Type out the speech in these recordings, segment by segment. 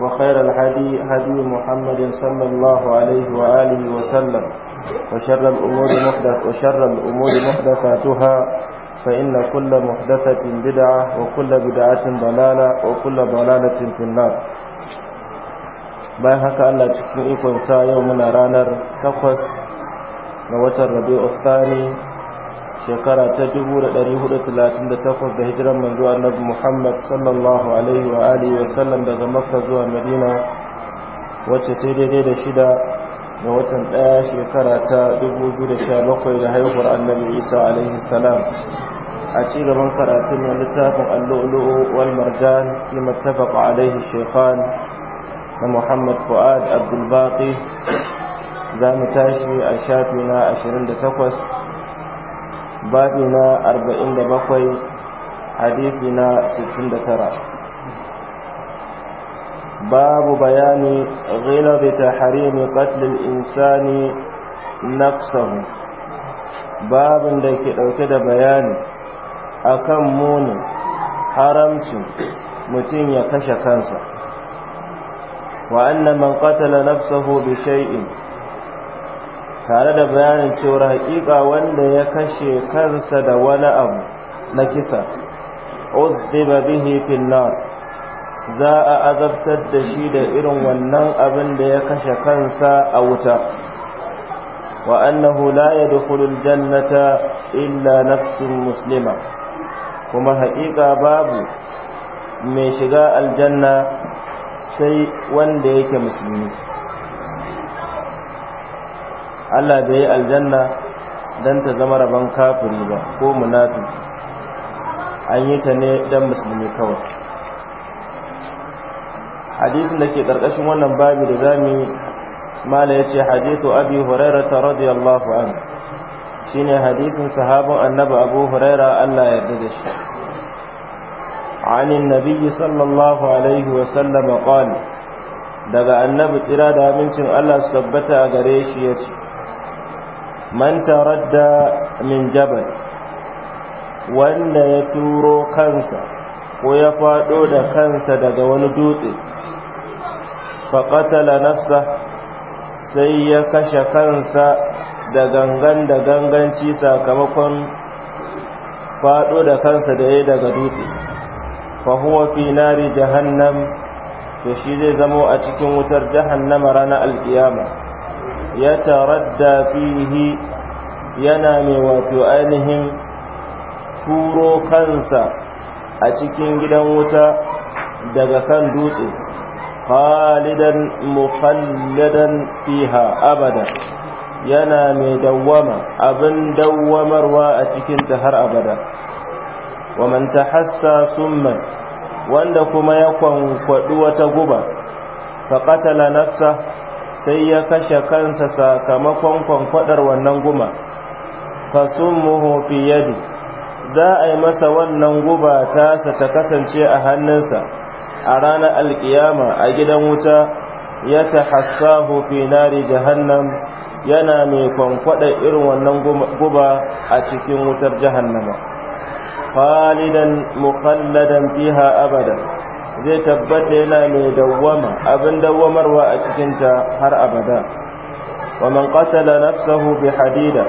وخير الهدي هدي محمد صلى الله عليه وآله وسلم وشر الأمور محدث وشر الأمور محدثاتها فإن كل محدثة بدعة وكل بدعة ضلالة وكل ضلالة في النار bayan haka Allah cikin ikonsa yau muna ranar 8 ga watan Rabi'ul Thani shekara ta 438 da hijiran manzo annabi Muhammad sallallahu alaihi wa alihi wa sallam daga Makka zuwa Madina wacce ta daidai da shida ga watan ɗaya shekara ta 2017 da haihuwar annabi Isa alaihi salam a ci gaban karatun na littafin allu'ulu'u wal marjan fi mattafaqa alaihi shaykhan na Muhammad Fuad Abdul Baqi za mu tashi a shafi na 28 babi na 47 hadisi na 69 babu bayani ghilabi tahrimi qatl al-insani nafsahu babin da ke ɗauke da bayani akan munin haramcin mutum ya kashe kansa wa anna man ƙatala nafsahu bi shay'in tare da bayanin cewar haƙiƙa wanda ya kashe kansa da wani abu na kisa uzziba bihi fil nar za a azabtar da shi da irin wannan abin da ya kashe kansa a wuta wa annahu la yadkhulu al jannata illa nafsun muslima kuma haƙiƙa babu mai shiga aljanna sai wanda yake musulmi Allah bai yi aljanna don ta zama rabon kafiri ba ko munafi an yi ta ne don musulmi kawai hadisin da ke ƙarƙashin wannan babi da zami mala ya ce hadithu abi huraira ta radiyallahu an ne hadisin sahabin annaba abu huraira Allah yarda da shi عن النبي صلى الله عليه وسلم قال daga annabi tsira da الله Allah su tabbata a gare shi ya ce man taradda min jabal wanda ya turo kansa ko ya fado da kansa daga wani dutse faƙatala nafsa sai ya kashe kansa da gangan da ganganci sakamakon fado da kansa da ya daga dutse fahuwa fi nari jahannam to shi zai zamo a cikin wutar jahannama ranar alkiyama yataradda fihi yana mai wato ainihin turo kansa a cikin gidan wuta daga kan dutse khalidan mukhalladan fiha abada yana mai dawwama abin dawwamarwa a cikin ta har abada wa man tahassa summan wanda kuma ya kwankwadu wata guba fa qatala nafsa sai ya kashe kansa sakamakon kwankwadar wannan guma fasummuhu fi yadi za a yi masa wannan guba tasa ta kasance a hannunsa a ranar alkiyama a gidan wuta ya tahassahu fi nari jahannam yana mai kwankwadar irin wannan guba a cikin wutar jahannama khalidan mukhalladan fiha abada zai tabbata yana mai dawwama abin dawwamarwa a cikinta har abada wa man qatala nafsahu bi hadida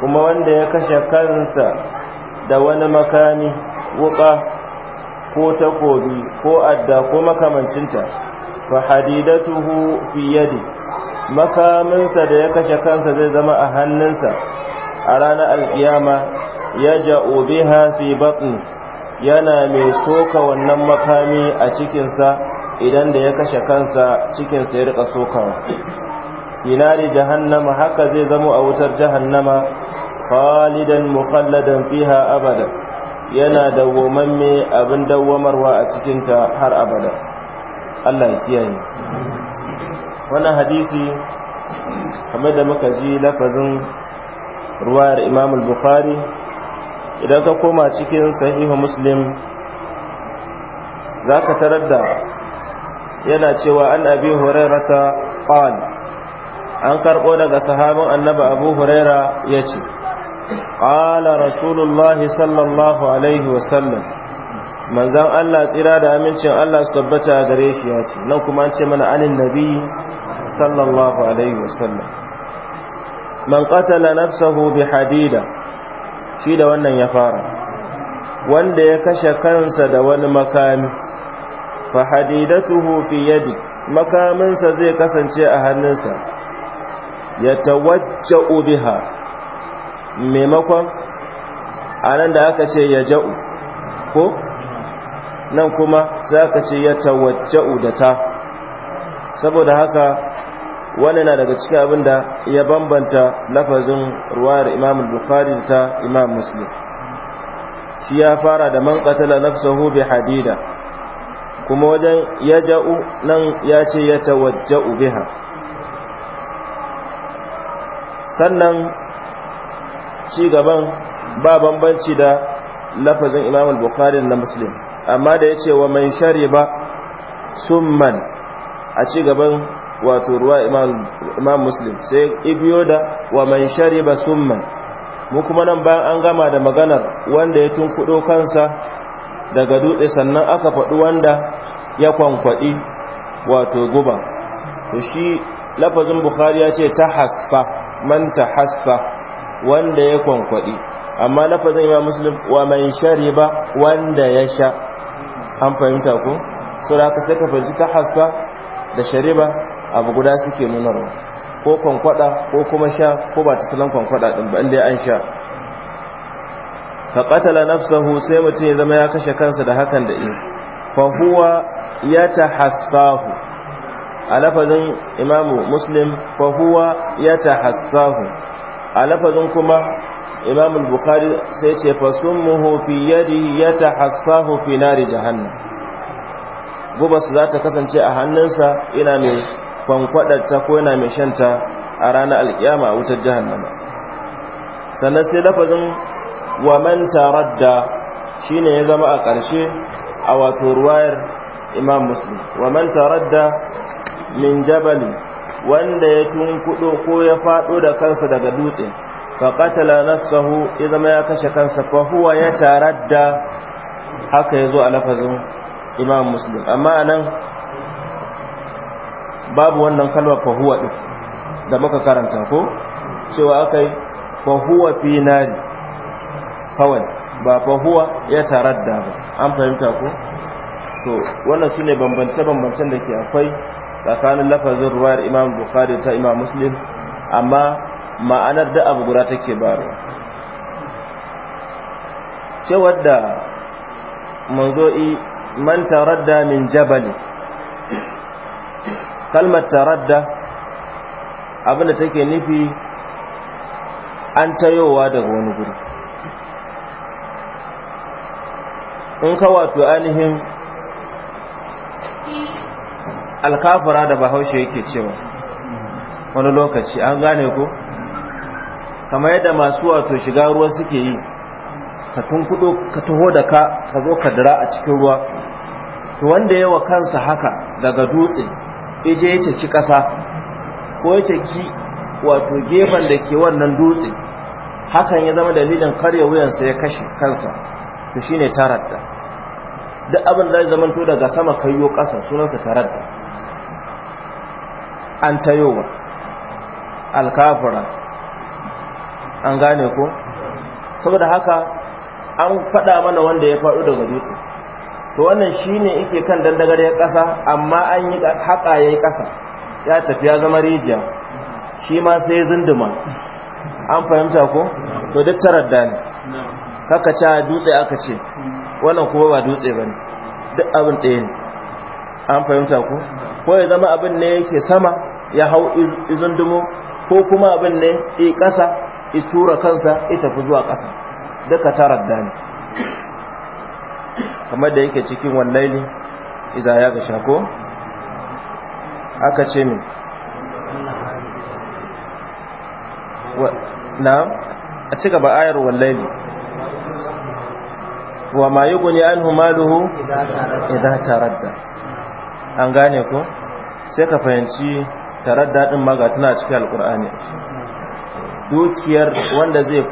kuma wanda ya kashe kansa da wani makami wuka ko takobi ko adda ko makamancinta fa hadidatuhu fi yadi makaminsa da ya kashe kansa zai zama a hannunsa a ranar alkiyama ya ja'u biha fi batni yana mai soka wannan makami a cikinsa idan da ya kashe kansa cikinsa ya rika sokawa da jahannama haka zai zama a wutar jahannama khalidan mukhalladan fiha abada yana dawwamamme abin dawwamarwa a cikinta har abada Allah ya kiyaye wannan hadisi kamar da muka ji lafazin ruwayar Imam al-Bukhari idan ka koma cikin sahihu muslim za ka tarar da yana cewa an abi ta ƙwan an karɓo daga sahabin annaba abu huraira ya ce ƙwala rasulullah sallallahu alaihi wasallam manzan allah tsira da amincin allah su tabbata a gare shi ya ce nan kuma an ce mana anin nabi sallallahu alaihi wasallam man qatala nafsahu bi hadida shi da wannan ya fara wanda ya kashe kansa da wani makami fa hadidatuhu fi yadi makaminsa zai kasance a hannunsa ya tawajja'u biha maimakon anan da aka ce ya ja'u ko nan kuma za ka ce ya tawajja'u da ta saboda haka wannan na daga cikin abin da ya bambanta lafazin ruwayar imam bukhari ta imam muslim shi ya fara da man qatala nafsahu bi hadida kuma wajen ya jau nan ya ce ya tawajja'u biha sannan cigaban ba bambanci da lafazin imam bukhari na muslim amma da ya ce wa man shariba summan a cigaban. wato ruwa imam muslim sai ibiyo da wa man shariba man mu kuma nan bayan an gama da maganar wanda ya tunkudo kansa daga dutse sannan aka faɗi wanda ya kwankwaɗi wato guba to shi lafazin bukhari ya ce ta hassa man ta hassa wanda ya kwankwaɗi amma lafazin imam muslim wa man shariba wanda ya sha an fahimta ko saboda aka sai ka fahimci ta hassa da shariba abu guda suke nunarwa ko kwankwada ko kuma sha ko ba ta salon kwankwada ɗin ba inda an sha fa qatala nafsahu sai mutum ya zama ya kashe kansa da hakan da in ya ta hassahu. a lafazin imamu muslim ya ta hassahu. a lafazin kuma imamu bukhari sai ce fa summuhu fi ta hassahu fi nari jahannam gubas za ta kasance a hannunsa ina mai kwankwadarta ko yana mai shanta a ranar alkiyama a wutar jahannama sannan sai lafazin wa man tarar da shi ne ya zama a ƙarshe a wato ruwayar imam muslim wa man tarar da min jabali wanda ya tunkudo ko ya fado da kansa daga dutse katala na ya zama ya kashe kansa fahuwa ya tarar da haka ya zo a lafazin imam muslim amma nan. babu wannan kalmar fahuwa ɗin da muka karanta ko cewa aka yi fahuwa fi nari kawai ba fahuwa ya taradda ba an fahimta ko to wannan su ne bambance-bambancen da ke akwai tsakanin lafazin ruwayar imam bukhari ta imam muslim amma ma'anar da abu guda take baro cewar da manzo'i man taradda min jabalin kalmar taradda abin da take nufi an tayowa daga wani guri in ka wato ainihin alkafura da bahaushe yake cewa wani lokaci an gane ko kamar yadda masu wato shiga ruwa suke yi ka tunkudo ka taho da ka ka zo ka dira a cikin ruwa to wanda yawa kansa haka daga dutse ya je ya caki ƙasa ko ya caki wato gefen da ke wannan dutse hakan ya zama dalilin karya wuyansa ya kashe kansa shi ne taradda duk abin da zama to daga sama kaiyo ƙasa sunansa taradda an tayowa alkafura an gane ko saboda haka an faɗa mana wanda ya faɗo daga dutse to wannan shine yake kan dandagariyar ƙasa amma an yi haƙa yayi ƙasa ya tafi ya zama rijiya shi ma sai zinduma an fahimta ko to duk tarar da ne kaka ca dutse aka ce wannan kuma ba dutse ba ne duk abin ɗaya ne an fahimta ko ko ya zama abin ne yake sama ya hau izundumo ko kuma abin ne i kasa i tura kansa i tafi zuwa ƙasa duka tarar da ne kamar da yake cikin wallaili iza ya ga shako aka ce min na a ci gaba ayar wallaili wa ma yi guni an humaluhu idan taradda an gane ko sai ka fahimci taradda ɗin maga tana cikin alkur'ani dukiyar wanda zai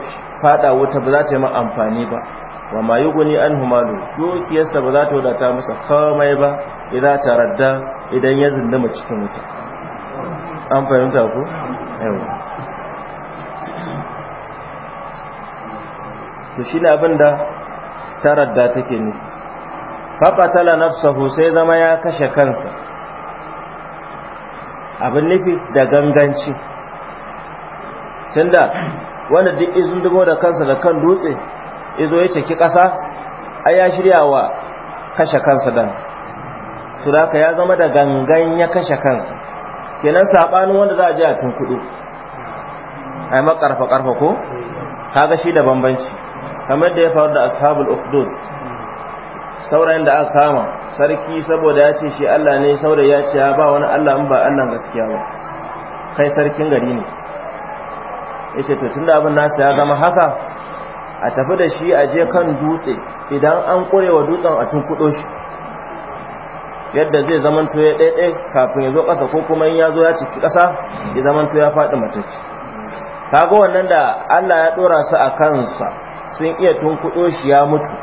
fada wuta ba za ta yi ma amfani ba wa ma yughni anhu malu dukiyarsa ba za ta wadata masa kamai ba idza taradda idan ya zindama cikin wuta an fahimta ko yawa to shi abin da taradda take ne faqatala nafsahu sai zama ya kashe kansa abin nufi da ganganci tunda wanda duk izin dubo da kansa da kan dutse Izo ya ceki ƙasa ai ya shirya wa kashe kansa dan su da ya zama da gangan ya kashe kansa kenan sabanin wanda za a ji a tunkuɗu ai makarfa karfa ko kaga shi da bambanci kamar da ya faru da ashabul ukhdud saurayin da aka kama sarki saboda ya ce shi Allah ne saurayi ya ce ba wani Allah in ba Allah gaskiya ba kai sarkin gari ne yace to tunda abin nasu ya zama haka a tafi da shi a je kan dutse idan an wa dutsen a tunkudo shi yadda zai zamanto ya ɗaiɗai kafin ya zo ƙasa ko kuma in ya zo ya ciki ƙasa ya zamanto ya faɗi mataki kaga wannan da Allah ya ɗora su a kansa sun iya tunkudo shi ya mutu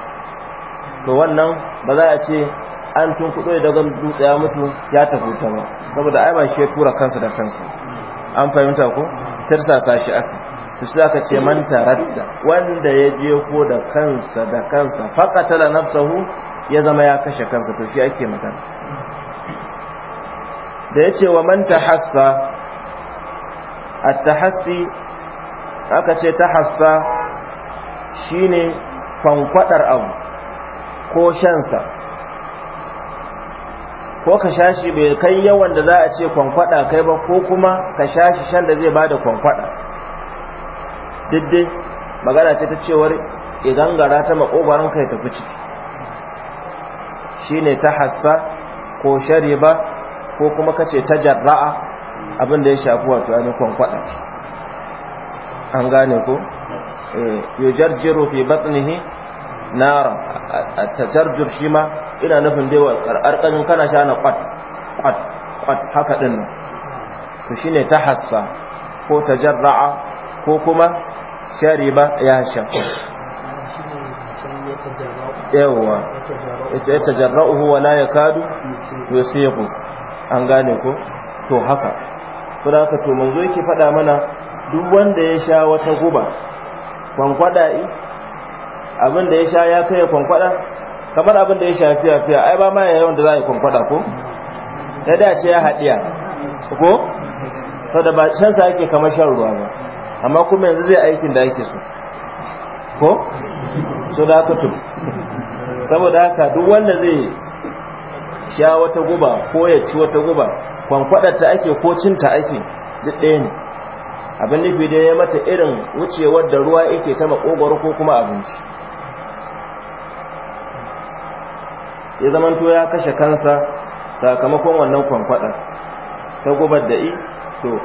to wannan ba za a ce an tunkudo ya daga dutse ya mutu ya tafi ta ba saboda ai ba shi ya tura kansa da kansa an fahimta ko tirsasa shi aka to sai aka ce man taratta wanda ya je ko da kansa da kansa la nafsuhu ya zama ya kashe kansa to shi ake magana da yace wa man tahassa at-tahassi aka ce tahassa shine fankwadar abu ko shansa ko ka shashi bai kai yawan da za a ce kwankwada kai ba ko kuma ka shashi shan da zai bada kwankwada diddai magana ce ta cewar idan gara ta makogoron kai tafi Shi shine ta hassa ko shariba ko kuma kace ta jarra'a abin da ya shafi wato ainihin kwankwada an gane ko eh, yujarjiru fi batnihi nara tajarjur shi ma ina nufin dai wa karkarkanin kana sha na kwat kwat kwat haka din nan to shine ta hassa ko ta jarra'a ko kuma ba ya sha yawwa ya tajarra'uhu wa la yakadu yusiqu an gane ko to haka saboda haka to manzo yake faɗa mana duk wanda ya sha wata guba kwankwada'i abin da ya sha ya kai kwankwada kamar abin da ya shafi fiya fiya ai ba ma ya yawan da za a yi kwankwada ko da dace ya haɗiya ko to da ba shan sa yake kamar shan ruwa ba amma kuma yanzu zai aikin da ake so ko so da haka saboda haka duk wanda zai sha wata guba ko ya ci wata guba kwankwada ta ake ko cin ta ake duk ɗaya ne abin nufi da ya mata irin wucewar da ruwa yake ta makogwaro ko kuma abinci ya zamanto ya kashe kansa sakamakon wannan kwankwada, ta gubar da i to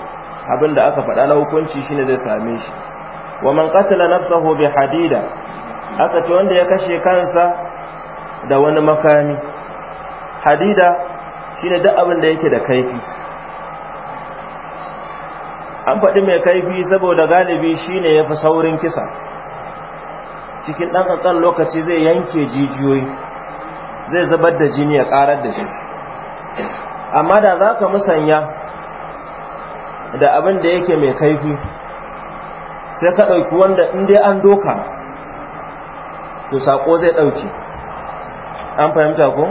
abin da aka faɗa na hukunci ne zai same shi wa man qatala nafsahu bi hadida aka ce wanda ya kashe kansa da wani makami hadida shine duk abin da yake da kaifi an faɗi mai kaifi saboda galibi shine fi saurin kisa cikin ɗan ƙanƙan lokaci zai yanke jijiyoyi zai zubar da jini ya ƙarar da shi amma da za ka musanya da abin da yake mai kaifi sai ka ɗauki wanda in dai an doka to saƙo zai ɗauki an fahimta ko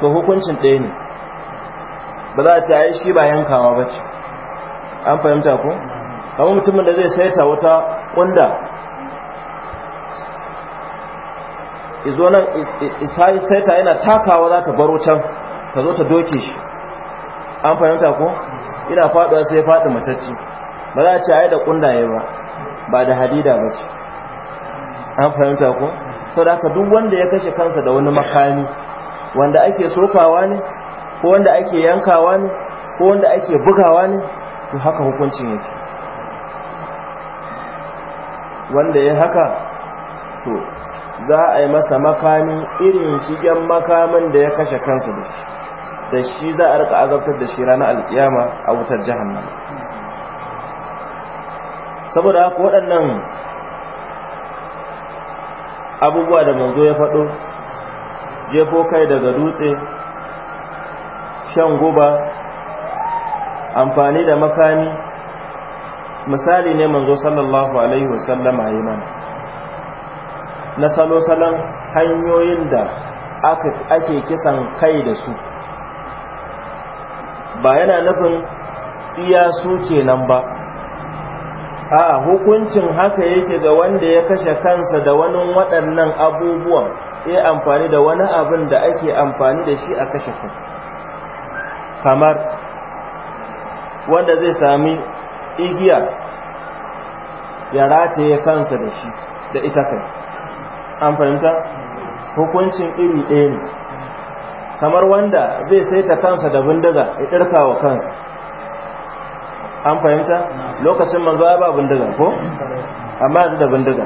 to hukuncin ɗaya ne ba za a ce ai shi ba yankawa ba ce an fahimta ko kamar mutumin da zai saita wata wanda izo nan saita yana takawa za ta baro can ta zo ta doke shi an fahimta ko ina faduwa sai faɗi matacci ba za a ce ai da kundaye ba ba da hadida ba ce an fahimta ko to da ka duk wanda ya kashe kansa da wani makami wanda ake sokawa ne ko wanda ake yankawa ne ko wanda ake bugawa ne to haka hukuncin yake wanda ya haka to za a yi masa makamin irin shigen makamin da ya kashe kansa da shi da shi za a rika azabtar da shi ranar alkiyama a wutar jahannam saboda haka waɗannan abubuwa da manzo ya faɗo jefo kai daga dutse shan guba amfani da makami misali ne manzo sallallahu alaihi wasallama yi mana na salo-salon hanyoyin da ake kisan kai da su ba yana nufin iya su kenan ba a hukuncin haka yake ga wanda ya kashe kansa da wani waɗannan abubuwan ya amfani da wani abin da ake amfani da shi a kashe kan kamar wanda zai sami igiya ya rataye kansa da shi da ita kai amfani ta hukuncin iri ɗaya ne kamar wanda zai saita kansa da bindiga ya ɗirka wa kansa an fahimta lokacin manzo ya ba bindiga ko amma yanzu da bindiga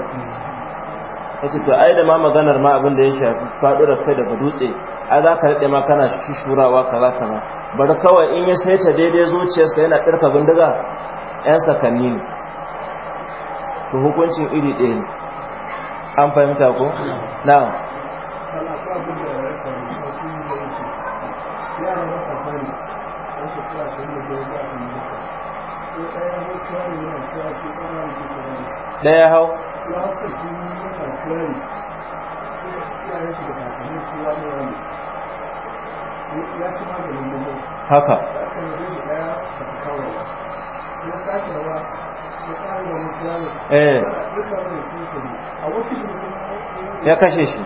wasu to ai da ma maganar ma abin da ya shafi faɗura da kai daga dutse a za ka daɗe ma kana shurawa kaza kaza bari kawai in ya saita daidai zuciyarsa yana ɗirka bindiga 'yan sakanni ne to hukuncin iri ɗaya ne an fahimta ko na'am da ya hau haka eh ya kashe shi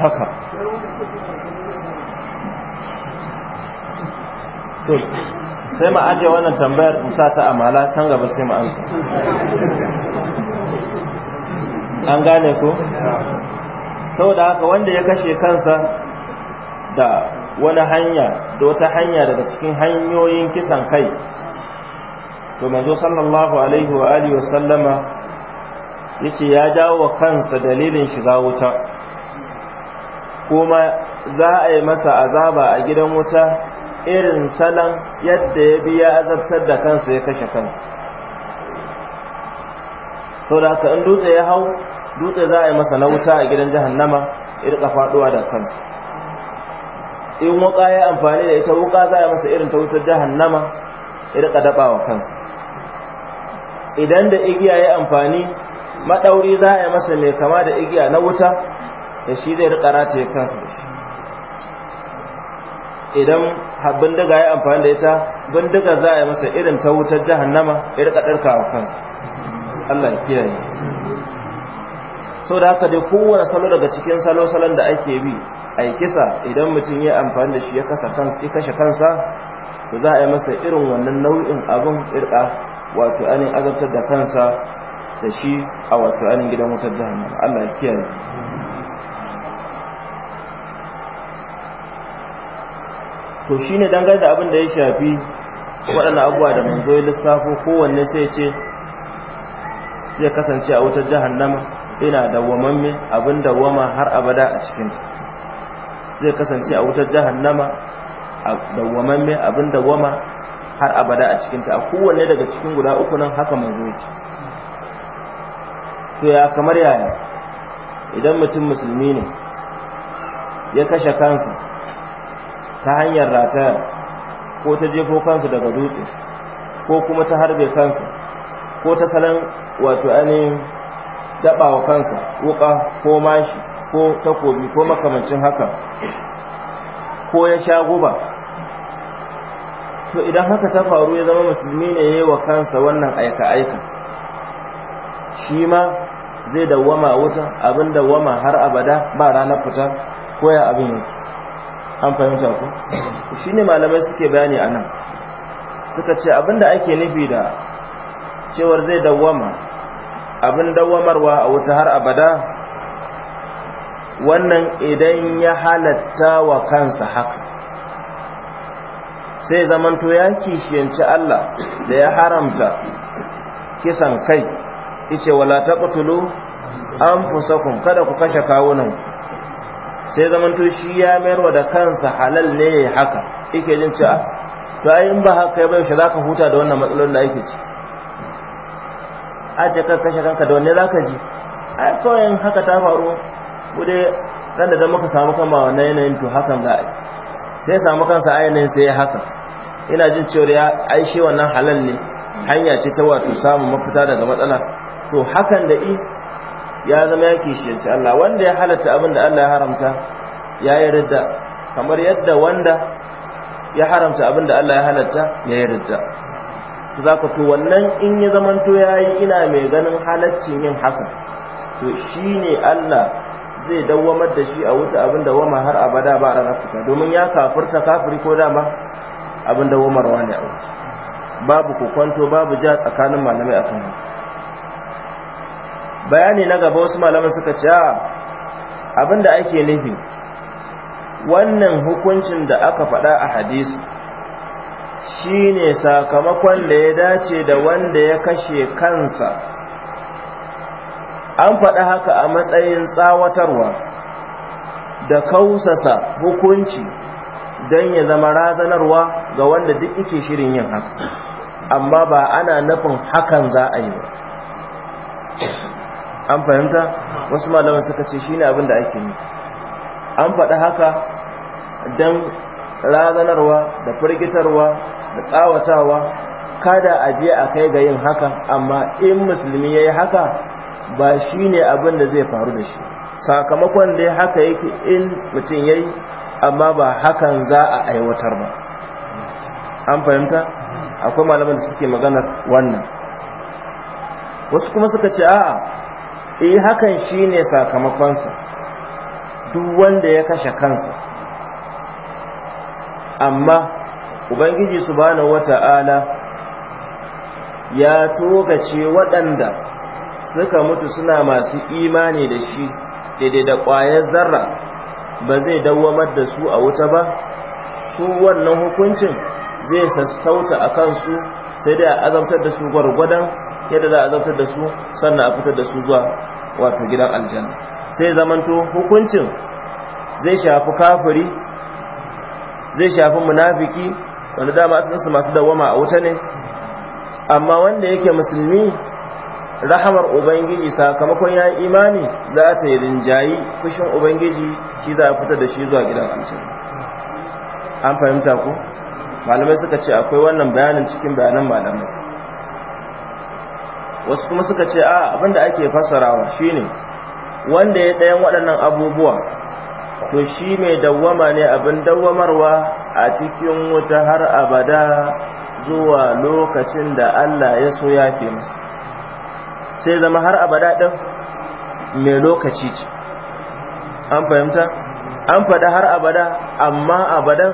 haka to sai mu aje wannan tambayar musa ta amala can gaba sai mu amsa an gane ko saboda haka wanda ya kashe kansa da wani hanya da wata hanya daga cikin hanyoyin kisan kai to manzo sallallahu alaihi wa alihi wa sallama yace ya dawo kansa dalilin shiga wuta kuma za a yi masa azaba a gidan wuta irin salon yadda ya bi ya azabtar da kansu ya kashe kansa to da ka in dutse ya hau dutse za a yi masa na wuta a gidan jahannama irka faduwa da kansa in wuka ya amfani da ita wuka za a yi masa irin ta wutar jahannama irka daba wa kansa idan da igiya ya amfani madauri za a yi masa mai kama da igiya na wuta da shi zai rika rataye kansa da shi idan bindiga ya amfani da ita bindiga za a yi masa irin ta wutar jahannama ya rika ɗarka a kansa Allah ya kiyaye sau da haka dai kowane salo daga cikin salo-salon da ake bi a yi kisa idan mutum ya amfani da shi ya kashe kansa to za a yi masa irin wannan nau'in abin irka wato anin azabtar da kansa da shi a wato anin gidan wutar jahannama Allah ya kiyaye to shi ne dangane da abin da ya shafi waɗanda abuwa da manzo ya lissafo kowanne sai ce sai kasance a wutar jahannama ina dawwamamme abin dawwama har abada a cikin zai kasance a wutar jahannama dawwamamme abin dawwama har abada a cikin ta a kowanne daga cikin guda uku nan haka manzo yake to ya kamar yaya idan mutum musulmi ne ya kashe kansa ta hanyar rataya ko ta jefo kansu daga dutse ko kuma ta harbe kansa ko ta salon wato ainihin daba wa kansa wuka ko mashi ko takobi ko makamancin haka ko ya sha guba to idan haka ta faru ya zama musulmi ne ya yi wa kansa wannan aika-aika shi ma zai dawwama wuta abin dawwama har abada ba ranar fita ko ya abin yake an fahimta ku shi ne malamai suke bayani a nan suka ce abinda ake nufi da cewar zai dawwama abin dawwamarwa a wuta har abada wannan idan ya halatta wa kansa haka sai zamanto ya kishiyanci Allah da ya haramta kisan kai ice wala taqtulu anfusakum kada ku kashe kawunan sai to shi ya wa da kansa halal ne ya haka yake jin cewa to ai in ba haka ba shi zaka huta da wannan matsalolin da yake ci a ce ka kashe kanka da wanne zaka ji ai kawai yin haka ta faru mu dai dan da muka samu kan ba wannan yanayin to hakan ga sai samu kansa a yanayin sai ya haka ina jin cewa ya ai shi wannan halal ne hanya ce ta wato samun mafita daga matsala to hakan da i ya zama ya kishiyanci Allah wanda ya halatta abin da Allah ya haramta ya yi ridda kamar yadda wanda ya haramta abin da Allah ya halatta ya yi ridda za ka to wannan in ya zamanto ya yi ina mai ganin halaccin yin haka to shi ne Allah zai dawwamar da shi a wuce abin da wama har abada ba a fita domin ya kafirta kafiri ko dama abin da wamarwa ne a wuce babu kwanto babu ja tsakanin malamai kan haka bayani na gaba wasu malaman suka ce abin ake nufi wannan hukuncin da aka faɗa a hadisi shine sakamakon da ya dace da wanda ya kashe kansa an faɗa haka a matsayin tsawatarwa da kausasa hukunci don ya zama razanarwa ga wanda duk yake shirin yin haka amma ba ana nufin hakan za a yi ba an fahimta wasu malaman suka ce shine abin da ake yi an faɗi haka don razanarwa da firgitarwa da tsawatawa kada a je a kai ga yin haka amma in musulmi ya yi haka ba shi abin da zai faru da shi sakamakon da haka yake in mutum ya yi amma ba hakan za a aiwatar ba an fahimta akwai malaman da suke maganar wannan wasu kuma suka ce a'a. eh hakan shine sakamakonsa duk wanda ya kashe kansa amma ubangiji subhanahu wata'ala ya togace waɗanda suka mutu suna masu imani da shi daidai da ƙwayar zarra ba zai dawwamar da su a wuta ba su wannan hukuncin zai sassauta a kansu sai da azabtar da su gwargwadon yadda za a zartar da su sannan a fitar da su zuwa wato gidan aljanna sai zamanto hukuncin zai shafi kafiri zai shafi munafiki wanda dama asalinsu masu dawama a wuta ne amma wanda yake musulmi rahamar ubangiji sakamakon ya imani za ta yi rinjayi kushin ubangiji shi za a fitar da shi zuwa gidan aljanna an fahimta ku malamai suka ce akwai wannan bayanin cikin bayanan malamai wasu kuma suka ce a abinda ake fassarawa shine wanda ya ɗayan waɗannan abubuwa to shi mai dawwama ne abin dawwamarwa a cikin wuta har abada zuwa lokacin da Allah ya so ya fi masa sai zama har abada ɗin mai lokaci ce an fahimta an faɗa har abada amma abadan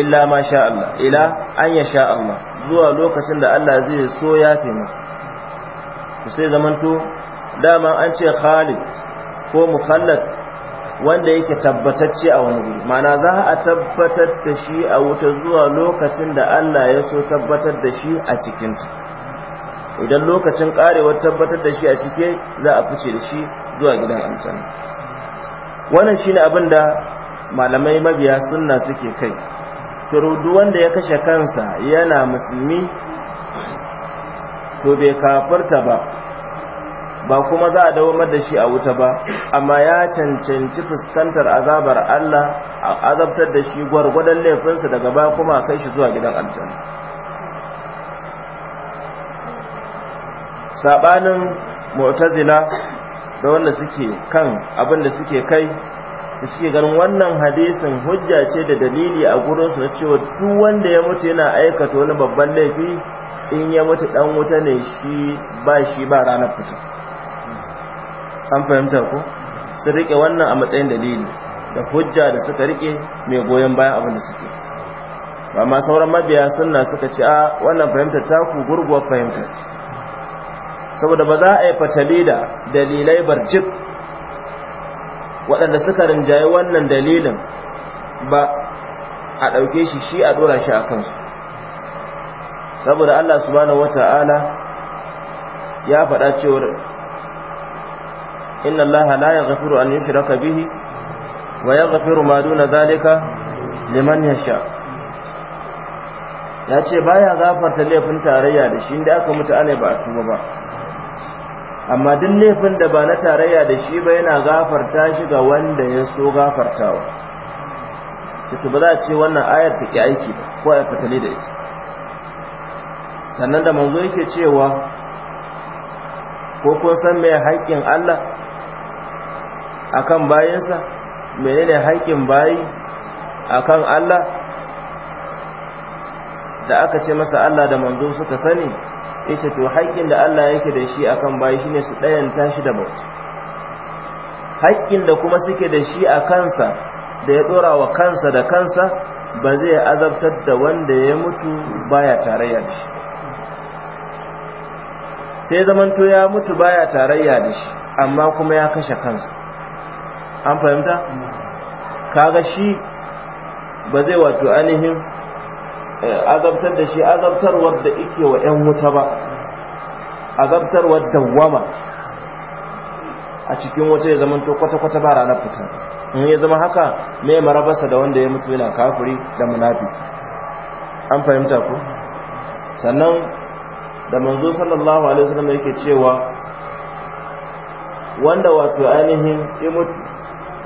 illa ma sha Allah ila an ya sha Allah zuwa lokacin da Allah zai so yafe musu sai zamanto dama an ce khalid ko mukhallad wanda yake tabbatacce a wani guri mana za a tabbatar da shi a wuta zuwa lokacin da Allah ya so tabbatar da shi a cikinta idan lokacin karewar tabbatar da shi a cike za a fice da shi zuwa gidan amsan wannan shine abin da malamai mabiya sunna suke kai Surudu wanda ya kashe kansa yana musulmi to bai kafarta ba ba kuma za a dawo da shi a wuta ba amma ya cancanci fuskantar azabar Allah a azabtar da shi gwargwadon laifinsa daga ba kuma kai shi zuwa gidan aljanna sabanin mu'tazila da wanda suke kan abin da suke kai da suke ganin wannan hadisin hujja ce da dalili a gurinsu na cewa duk wanda ya mutu yana aikata wani babban laifi in ya mutu dan wuta ne shi ba shi ba ranar fita an fahimta ko su rike wannan a matsayin dalili da hujja da suka rike mai goyon bayan abin da suke ba sauran mabiya sunna suka ce a wannan fahimtar ku gurguwar fahimtar saboda ba za a yi fatali da dalilai barjik waɗanda suka rinjaye wannan dalilin ba a ɗauke shi shi a ɗora shi a kansu saboda Allah subhanahu ta'ala ya faɗa cewar inna Allah la zafiru an yi shiraka bihi wa zafiru ma duna zalika liman sha. ya ce baya zafarta laifin tarayya da shi inda aka mutu ana ba a tuba ba amma duk laifin da ba na tarayya da shi ba yana gafarta shi ga wanda ya so gafartawa ta ba za a ce wannan ayar ta ke aiki ba ko a fatali da ita sannan da manzo yake cewa ko kun san mai haƙƙin Allah a kan bayansa menene haƙƙin bayi a kan Allah da aka ce masa Allah da manzo suka sani ita to haƙƙin da Allah yake da shi akan bayi shine su ɗayan tashi da bauta haƙƙin da kuma suke da shi a kansa da ya ɗora wa kansa da kansa ba zai azabtar da wanda ya mutu baya tarayya da shi sai zamanto ya mutu baya tarayya da shi amma kuma ya kashe kansa an fahimta kaga shi ba zai wato ainihin azabtar da shi azabtarwar da ike wa 'yan wuta ba azabtarwar wama a cikin wata ya zama to kwata-kwata ba ranar fita in ya zama haka me marabarsa da wanda ya mutu yana kafiri da munafi an fahimta ku sannan da manzo sallallahu alaihi wasallam yake cewa wanda wato ainihin imutu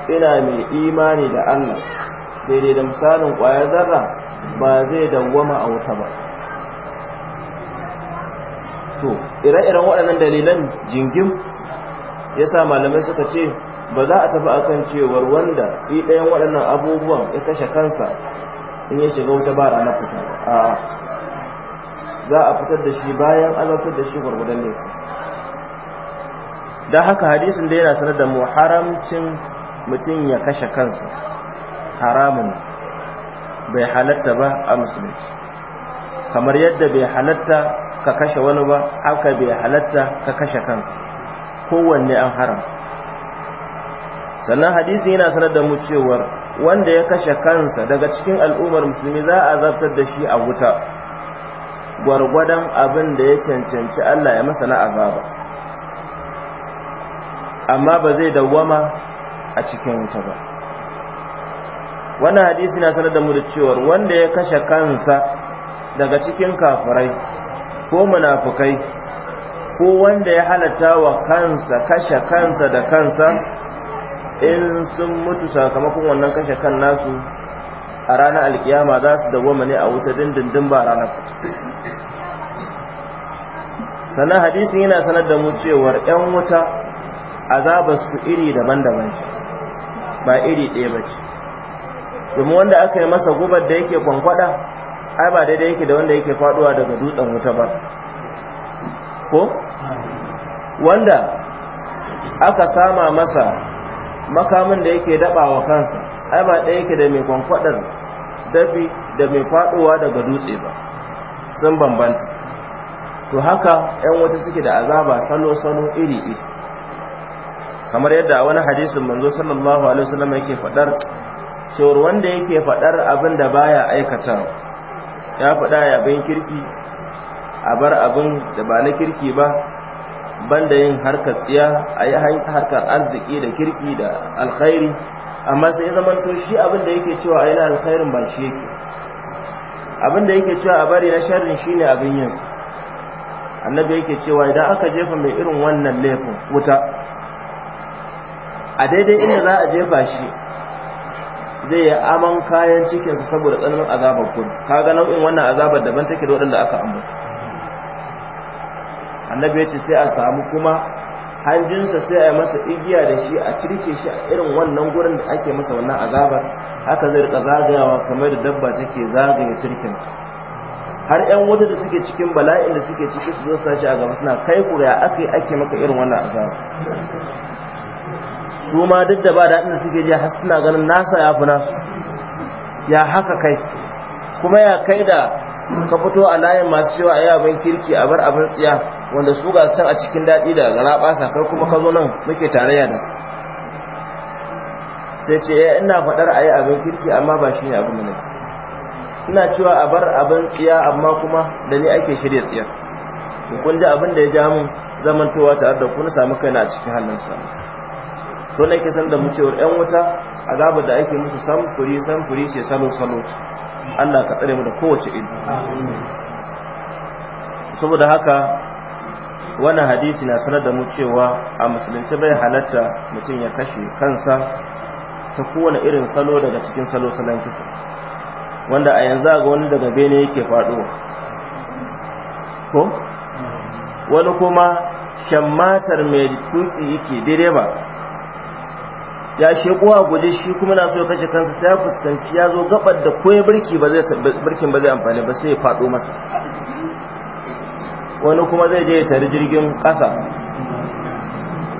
ina mai imani da Allah daidai da misalin ƙwayar zarra ba zai dawwama a wuta ba to ire-iren waɗannan dalilan jingim yasa malamai suka ce ba za a tafi akan cewar wanda ɗayan waɗannan abubuwan ya kashe kansa in ya shiga wuta ba ranar fita a za a fitar da shi bayan azabtar da shi gwargwadon laifin don haka hadisin da yana sanar da mu haramcin mutum ya kashe kansa haramun ne. bai halatta ba a musulunci kamar yadda bai halatta ka kashe wani ba haka bai halatta ka kashe kanka kowanne an haram sannan hadisi yana sanar da mu cewar wanda ya kashe kansa daga cikin al'ummar musulmi za a zartar da shi a wuta gwargwadon abin da ya cancanci Allah ya masa na azaba amma ba zai dawwama a cikin wuta ba wannan hadisi na sanar da mu da cewa wanda ya kashe kansa daga cikin kafirai ko munafukai ko wanda ya halatta wa kansa kashe kansa da kansa in sun mutu sakamakon wannan kashe kan nasu a ranar alkiyama za su dawo ne a wuta dindindin ba ranar sannan hadisin yana sanar da mu cewar 'yan wuta azabarsu iri daban-daban ba iri ɗaya ba ce domin wanda aka yi masa gubar da yake kwankwada ai ba daidai yake da wanda yake faduwa daga dutsen wuta ba ko wanda aka sama masa makamin da yake dabawa kansa ai ba daidai yake da mai kwankwadar dafi da mai faduwa daga dutse ba sun bambanta to haka 'yan wata suke da azaba salo-salo iri-iri kamar yadda a wani hadisin manzo sallallahu alaihi wasallam yake fadar cewar wanda yake faɗar abin da baya aikata ya faɗa bin kirki a bar abin da ba na kirki ba banda yin harkar tsiya a yi harkar arziki da kirki da alkhairi amma sai zaman to shi abin da yake cewa a yi na alkhairin ba shi yake abin da yake cewa a bari na sharrin shi ne abin yinsu annabi yake cewa idan aka jefa mai irin wannan laifin wuta a daidai inda za a jefa shi zai yi aman kayan cikinsa saboda tsananin azabar kudu kaga nau'in wannan azabar daban take da waɗanda aka ambata annabi ya ce sai a samu kuma hanjinsa sai a yi masa igiya da shi a cirke shi a irin wannan gurin da ake masa wannan azabar haka zai rika zagayawa kamar da dabba take zagaye cirkin har yan wata da suke cikin bala'in da suke ciki su zo sashi a gaba suna kai kura aka yi ake maka irin wannan azabar su ma duk da ba daɗin da suke ji har suna ganin nasa ya fi nasu ya haka kai kuma ya kai da ka fito a layin masu cewa a yi abin kirki a bar abin tsiya wanda su ga can a cikin daɗi da ɓasa kai kuma ka zo nan muke tarayya da sai ce ya eh, ina faɗar a yi abin kirki amma ba shi ne abin ne ina cewa a bar abin tsiya amma kuma da ni ake shirya tsiya kun ji abin da ya ja mun zamantowa tare da kun samu kaina a cikin hannun samu to ne ke san da mu cewar ƴan wuta azabar da ake musu samfuri samfuri ce salo salo Allah ka tsare mu da kowace ido saboda haka wannan hadisi na sanar da mu cewa a musulunci bai halatta mutum ya kashe kansa ta kowane irin salo daga cikin salo salon kisa wanda a yanzu ga wani daga bene yake faɗo ko wani kuma shammatar mai tutsi yake direba ya sheko a guje shi kuma na so ya kashe kansa sai ya fuskanci ya zo gabar da koyi ya birki ba zai birkin ba zai amfani ba sai ya fado masa wani kuma zai je ya tare jirgin kasa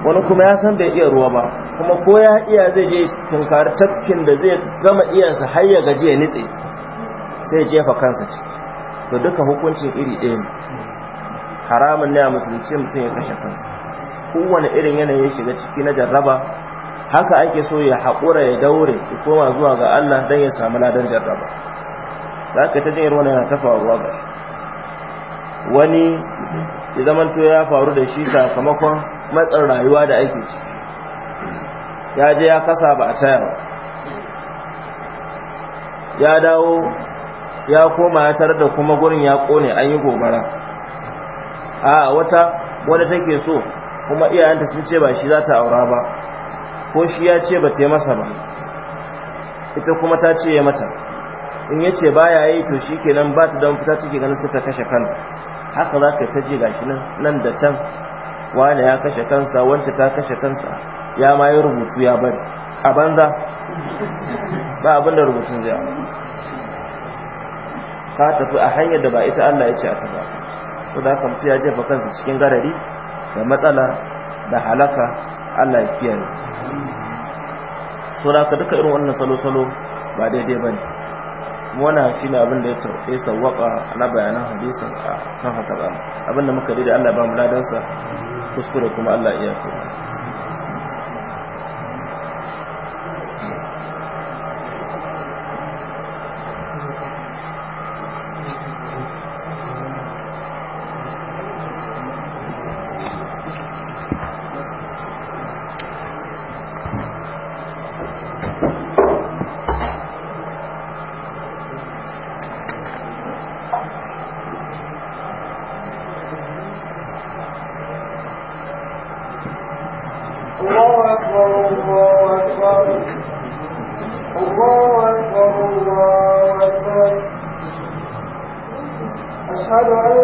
wani kuma ya san bai iya ruwa ba kuma ko ya iya zai je tunkar tafkin da zai gama iyansa har ya gaji ya nitse sai ya jefa kansa ciki to duka hukuncin iri ɗaya ne haramun ne a musulunci mutum ya kashe kansa kowane irin yanayin shiga ciki na jarraba haka ake so ya haƙura ya daure ya koma zuwa ga Allah don ya samu ladan jarraba za ka ta jin wani yana ta faruwa ga wani ya zamanto ya faru da shi sakamakon matsin rayuwa da ake ci ya je ya kasa ba a taya ba ya dawo ya koma ya tarar da kuma gurin ya kone an yi gobara a wata wadda take so kuma iyayenta sun ce ba shi za ta aura ba ko shi ya ce ba ta masa ba ita kuma ta ce ya mata in ya ce baya yi to shi ke nan ba ta don fita cike ganin suka kashe kanta haka za ka taji gashi nan nan da can wani ya kashe kansa wance ta kashe kansa ya ma yi rubutu ya bari a banza ba da rubutun zai ka tafi a hanyar da ba ita Allah ya ce aka ba ko da haka mutu ya jefa kansa cikin garari da matsala da halaka Allah ya kiyaye sura ka duka irin wannan salo-salo ba daidai ba ne wani shi ne abinda da ya tarfe na bayanan hadisan a kan haka ba abin da muka daidai Allah ba mu kuskure kuma Allah iya kuma وأشهد أن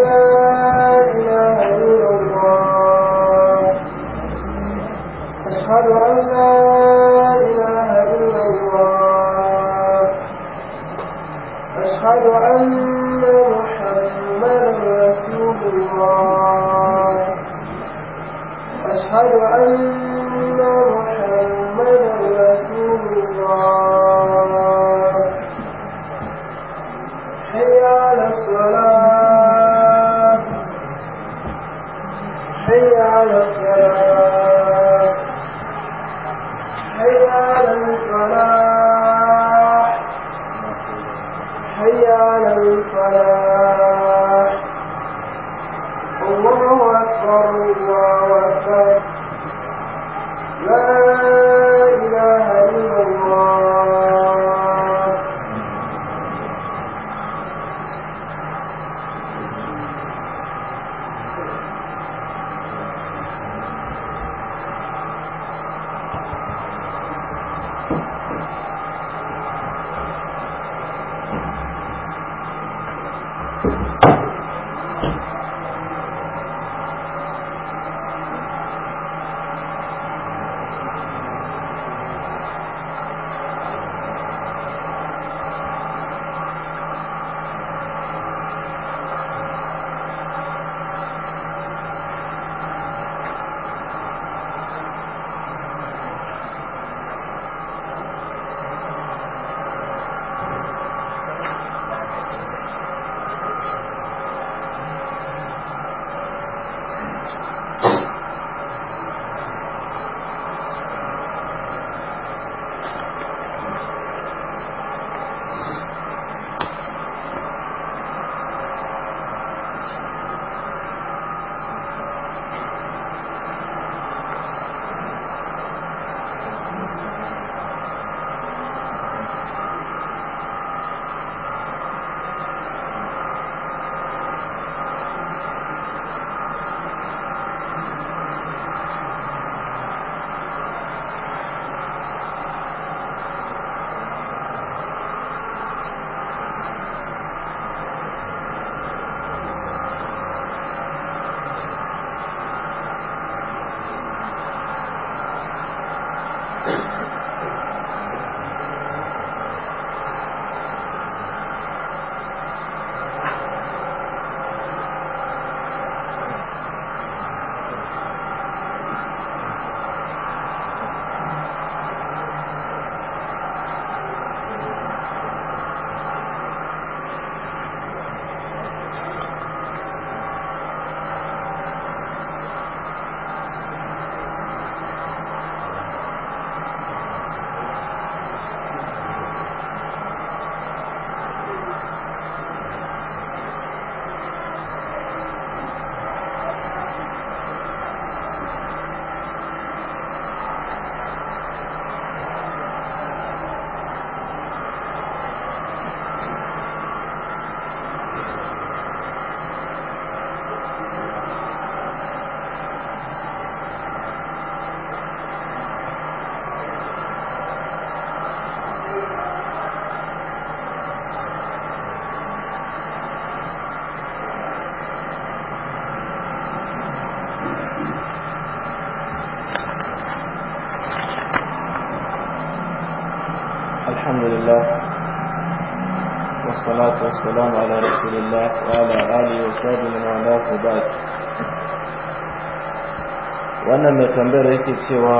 wannan mai tambayar yake cewa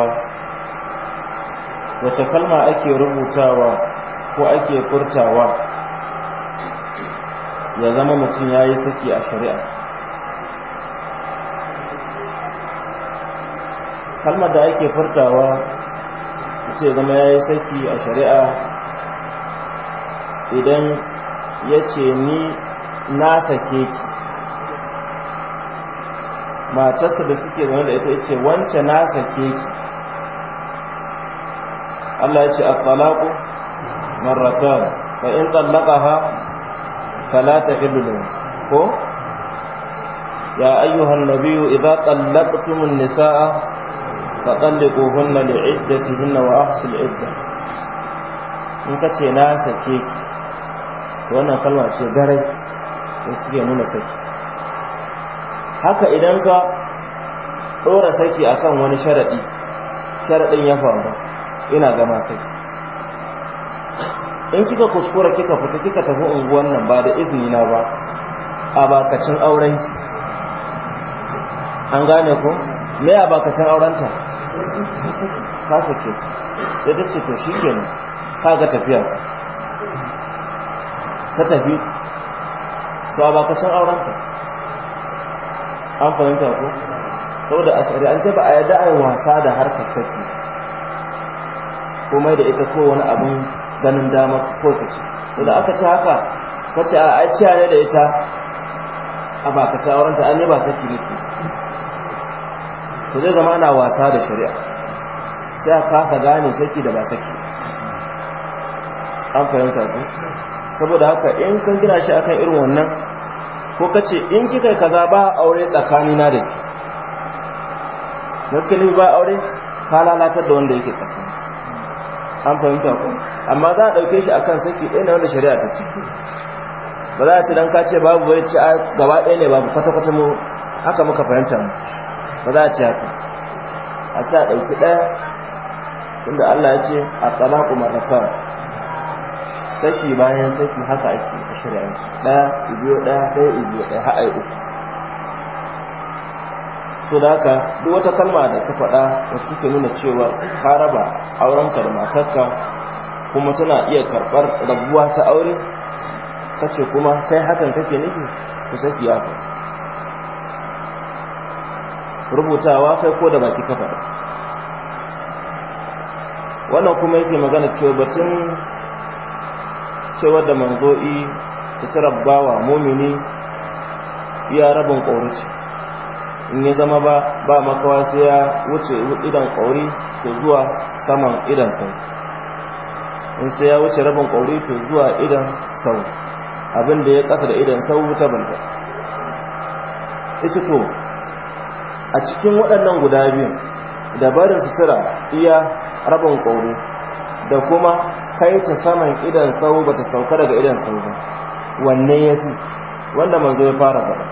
wace kalma ake rubutawa ko ake furtawa ya zama mutum ya yi saki a shari'a kalmar da ake furtawa ya ce zama ya yi saki a shari'a idan ya ce ni na sake ki matarsa da suke zaune da ita yace wance na sake ki Allah ya ce at-talaqu marratan fa in talaqaha fala tahillu ko ya ayyuhan nabiyyu idza talaqtumun nisaa فطلقوهن wa واحصوا idda in ka ce na sake ki wannan kalma ce garai da suke nuna saki haka idan ka ɗora saki kan wani sharaɗi sharaɗin ya faru ina gama saki in kika kuskura kika fita kika tafi unguwan nan ba da izini na ba a bakacin aurenki an gane ku me a bakacin aurenta ka sake sai ta ce to shi ka kaga tafiya ta tafi to a bakacin aurenta an fahimta ko saboda a shari'ance ba a yadda a yi wasa da harkar saki komai da ita ko wani abin ganin dama ko ta ce to da aka ci haka ka ce a ciya ne da ita a baka shawaranta an ne ba saki nake to zai zama na wasa da shari'a sai a kasa gane saki da ba saki an fahimta ko saboda haka in kan gina shi akan irin wannan ko ka ce in kika kaza ba aure tsakanina da ke ne ba aure ka lalatar da wanda yake tsakani an fahimta ku amma za a ɗauke shi akan saki ɗaya na wanda shari'a ta ciki ba za a ce don ka ce babu wai ci gaba ɗaya ne babu kwata-kwata mu haka muka fahimta mu ba za a ce haka a sa ɗauki ɗaya inda Allah ya ce a tsalaku marasa saki bayan saki haka ake a ɗaya ibiyo ɗaya ɗaya ibiyo ɗaya uku so duk wata kalma da ka faɗa da take nuna cewa ka raba aurenka da matarka kuma tana iya karɓar rabuwa ta aure kace kuma kai hakan kake nufi ku tafi ya rubutawa kai ko da baki ka faɗa wannan kuma yake magana cewa batun sai wadda manzo'i suturar bawa mumini ya rabin ƙorici in ya zama ba ba makawa sai ya wuce idan ƙori ke zuwa saman idan sau in sai ya wuce rabin ƙori ke zuwa idan sau abinda ya ƙasa da idan sau ta banta ita to a cikin waɗannan guda biyu da barin sutura iya rabin ƙori da kuma kai ta saman idan sau ba ta sauka daga idan sau ba wanne ya fi wanda manzo ya fara faɗa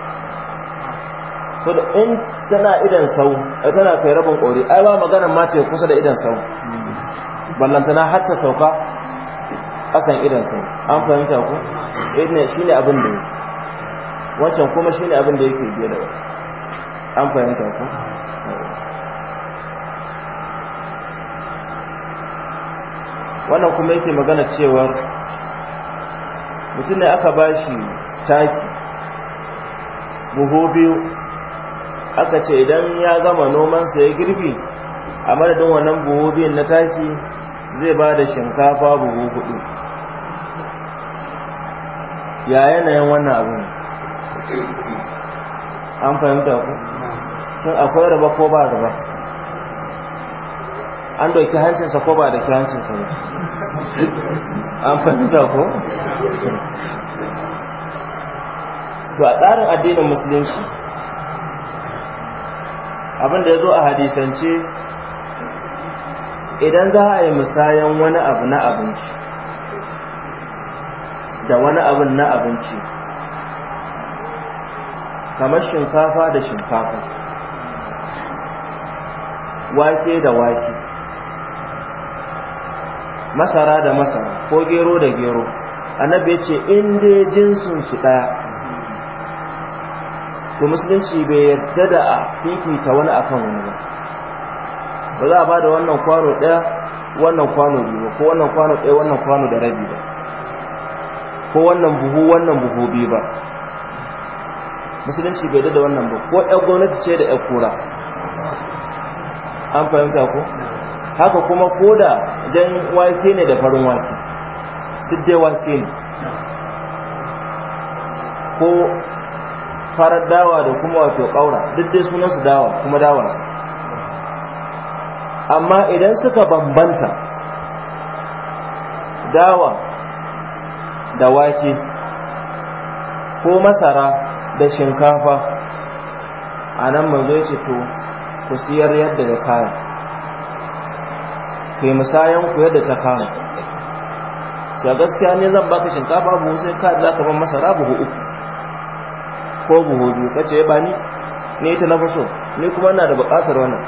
so da in tana idan sau eh, tana kai rabin ƙori ai ba magana ma ce kusa da idan sau tana har ta sauka asan idan sau an fahimta ku idan eh, shi ne abin da wancan kuma shi ne abin da yake biye da an fahimta ku wannan kuma yake magana cewa mutum ne aka ba shi taki buhu aka ce idan ya gama nomansa ya girbi a madadin wannan buhu biyun na taki zai ba da shinkafa buhu hudu ya yanayin wannan abin an fahimta ku sun akwai raba ko ba raba an ɗauki hancinsa ko ba da ki hancinsa ne an fahimta ko to a tsarin addinin musulunci abin da ya zo a hadisance idan za a yi musayan wani abu na abinci da wani abin na abinci kamar shinkafa da shinkafa wake da wake masara da masara ko gero da gero annabi ya ce in dai jinsin su ɗaya to musulunci bai yarda da a fifita wani akan wani ba ba za a ba da wannan kwano daya wannan kwano biyu ko wannan kwano daya wannan kwano da rabi ba ko wannan buhu wannan buhu biyu ba musulunci bai yarda da wannan ba ko ƴan gwamnati ce da ƴan kura an fahimta ko haka kuma ko da Dan wake ne da farin wake duk dai wake ne ko farar dawa da kuma wato ƙaura duk dai su dawa kuma su amma idan suka bambanta dawa da wake ko masara da shinkafa a nan manzo ya ce to ku siyar yadda da kaya. kai musayan ku yadda ta kama sai gaskiya ne zan baka shinkafa buhu sai ka za ka ban masara buhu uku ko buhu biyu kace ba ni, ne ita na fuso, ni kuma ina da buƙatar wannan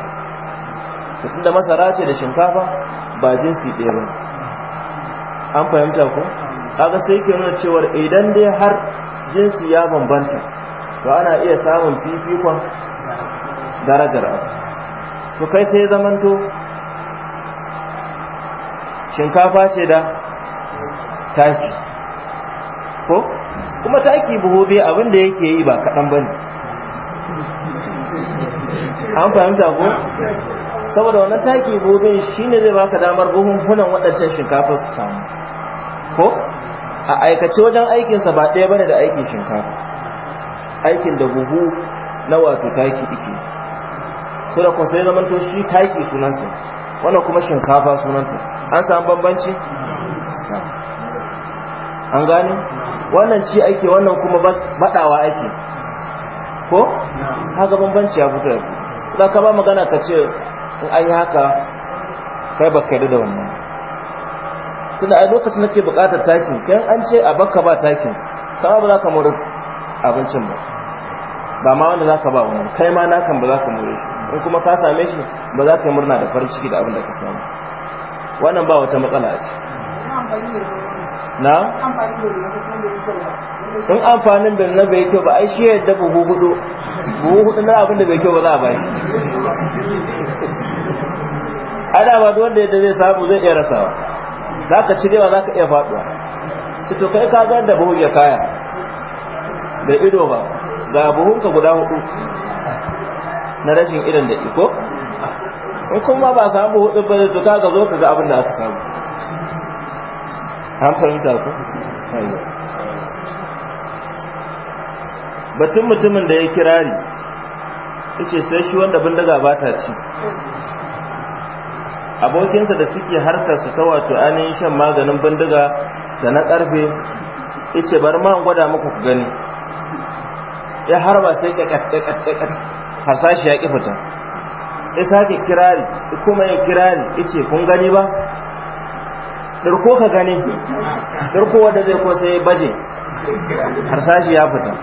mutum da masara ce da shinkafa ba jinsi ɗaya ba an fahimta ku kaga sai ke nuna cewar idan dai har jinsi ya bambanta to ana iya samun fifikon darajar abu to kai sai zamanto shinkafa ce da taki ko kuma taki buhu biyu abinda yake yi ba kaɗan ba ne an fahimta ko saboda wannan taki buhu bin shi ne zai baka damar hunan waɗancan shinkafa su samu ko a aikace wajen aikinsa ba ɗaya bane da aikin shinkafa aikin da buhu na wato taki ike so da kun sai zamanto shi taki sunansa wannan kuma shinkafa sunanta an samu bambanci an gane wannan ci aiki wannan kuma badawa aiki ko haka bambanci ya fito yanzu da ka ba magana ka ce in an yi haka kai ba kai da wannan tunda a lokacin nake buƙatar takin kan an ce a baka ba takin kama ba za ka mori abincin ba ba ma wanda za ka ba wani kai ma nakan ba za ka mori shi in kuma ka same shi ba za ka yi murna da farin ciki da abin da ka samu wannan ba wata matsala a ce na in amfanin da na bai kyau ba ai shi yadda buhu hudu buhu hudu na abin da bai kyau ba za a bai ana ba duk wanda yadda zai samu zai iya rasawa za ka ci dewa za ka iya faduwa su to kai ka ga da buhu ya kaya da ido ba ga buhunka guda hudu na rashin irin da iko in kuma ba samu hudu ba to ga zo ka ga abin da aka samu an fahimta ku batun mutumin da ya kirari ce sai shi wanda bindiga ba ta ci abokinsa da suke harkar su ta wato ainihin shan maganin bindiga da na karfe ice bar man gwada muku ku gani ya harba sai kakat hasashi ya ƙi fita ya sake kirari kuma ya kirari ya ce kun gani ba ɗarko ka gani ɗarko wadda zai ko sai baje harsashi ya fita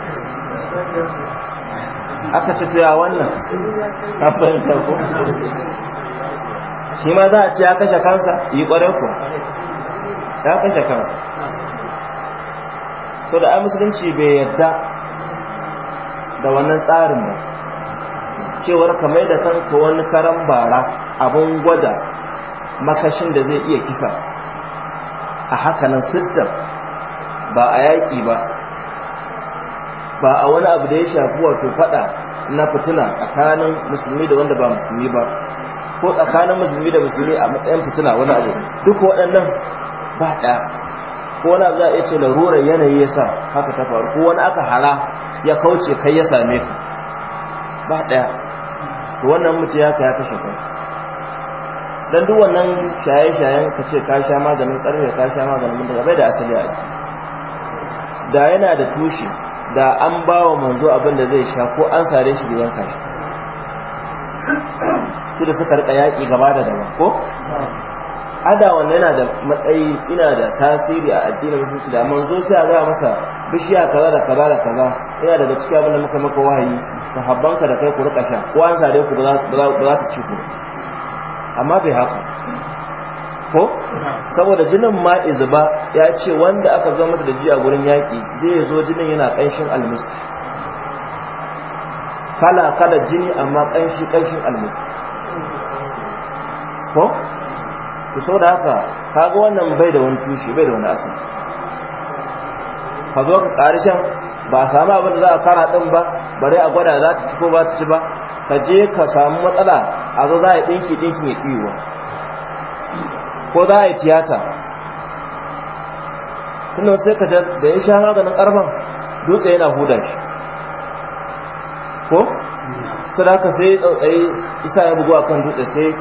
aka ci tuya wannan fahimtar tarko shi ma za a ci ya kashe kansa yi ƙwarar ku ya kashe kansa to da ai musulunci bai yadda da wannan tsarin ba cewar ka mai da kanka wani karan bara abin gwada makashin da zai iya kisa a hakanan siddar ba a yaƙi ba ba a wani abu da ya shafi wato faɗa na fitina tsakanin musulmi da wanda ba musulmi ba ko tsakanin musulmi da musulmi a matsayin fitina wani abu duk waɗannan ba ɗaya ko wani abu za a iya ce larurar yanayi ya sa haka ta faru ko wani aka hara ya kauce kai ya same ka ba ɗaya to wannan mutum ya ya kashe kai dan duk wannan shaye-shayen ka ce ka sha maganin ƙarfe ka sha maganin daga bai da asali a da yana da tushe da an ba wa manzo abin da zai sha ko an sare shi gidan kashi su da suka rika yaƙi gaba da dama ko ada wanda yana da matsayi ina da tasiri a addinin musulunci da manzo sai a gaya masa bishiya kaza da kaza da kaza yana daga cikin abin da muka maka wahayi sahabbanka da kai ku rika sha ko an sare ku ba za su ci ku amma bai haka ko saboda jinin ma izba ya ce wanda aka zo masa da jiya gurin yaki zai zo jinin yana kanshin almiski kala kala jini amma kanshi kanshin almiski ko to da haka kaga wannan bai da wani tushe bai da wani asali ka zo ka ƙarshen ba a samu abin da za a kara din ba bare a gwada za ta ci ko ba ta ci ba ka je ka samu matsala a zo za a ɗinki dinki ya ƙiwa ko za a yi tiyata tunda sai ka da ya sha maganin karban dutse yana huda shi ko sadaka sai tsautsayi isa ya bugu akan dutse sai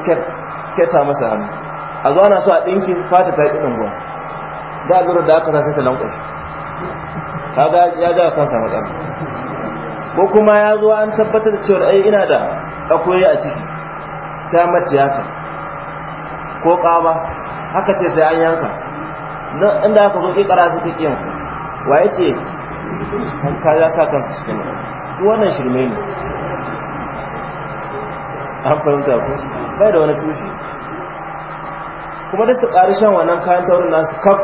keta masa hannu a zo ana so a ɗinkin fata ta ƙi ɗunguwa da allurar da aka sai ta lankwashi ga ya ja kansa matsala ko kuma ya zo an tabbatar da cewa ai ina da tsakoyi a ciki sai an tiyata ko ƙaba haka ce sai an yanka nan inda aka zo ƙiƙara su ta ƙiyan waye ce ka ya sa kansa cikin wannan shirme ne an fahimta ko bai da wani tushe kuma da su ƙari shan wannan kayan taurin nasu kaf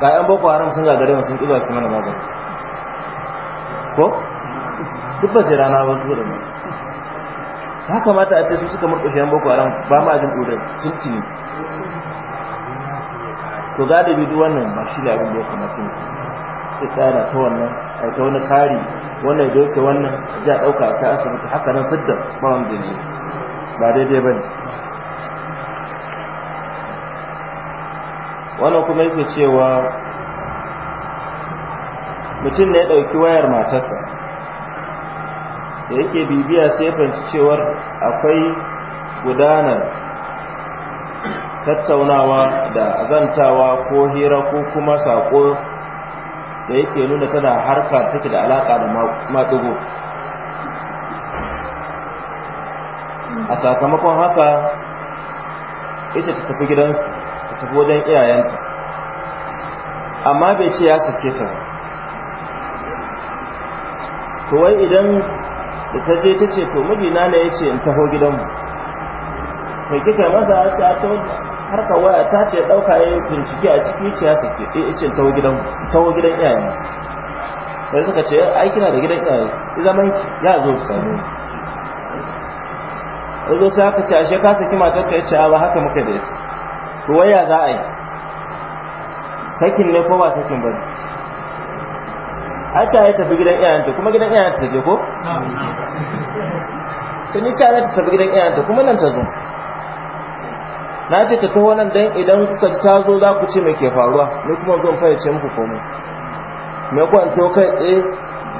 ga 'yan boko haram sun gare sun ƙiba su mana magani ko duk ba sai rana ba su da ya kamata a ce su suka murƙushe 'yan boko haram ba ma jin ƙudar tuntuni to da bidu wannan ba shi ne abin da ya kamata yin su sai tsaya ta wannan a ta wani kari wannan yake wannan ya ɗauka ta asibiti haka nan sidda ba wanda ne ba daidai ba ne wannan kuma yake cewa mutum ne ya ɗauki wayar matarsa da yake bibiya sai fahimci cewar akwai gudanar tattaunawa da zantawa ko hira ko kuma saƙo da yake nuna tana harka take da alaƙa da maɗigo a sakamakon haka ita ta tafi gidansu tafi wajen iyayenta amma bai ce ya sake ta ba to wai idan da ta je ta ce to mijina ne ya ce in taho gidanmu mai kika masa ta ta harkar waya ta ce ɗauka ya bincike a ciki ce ya sake ya ce taho gidan taho gidan iyayen sai suka ce ai kina da gidan iyayen zaman ya zo ku samu. ya zo sai aka ce ashe ka saki matar ka ya ce ba haka muka da ita to waya za a yi sakin ne ko ba sakin ba ai ta ya tafi gidan iyayenta kuma gidan iyayenta take ko sun yi ta tafi gidan iyayenta kuma nan ta zo na ce ta taho nan dan idan kuka ta zo za ku ce mai ke faruwa ni kuma zan ce muku komai me ku to kai tsaye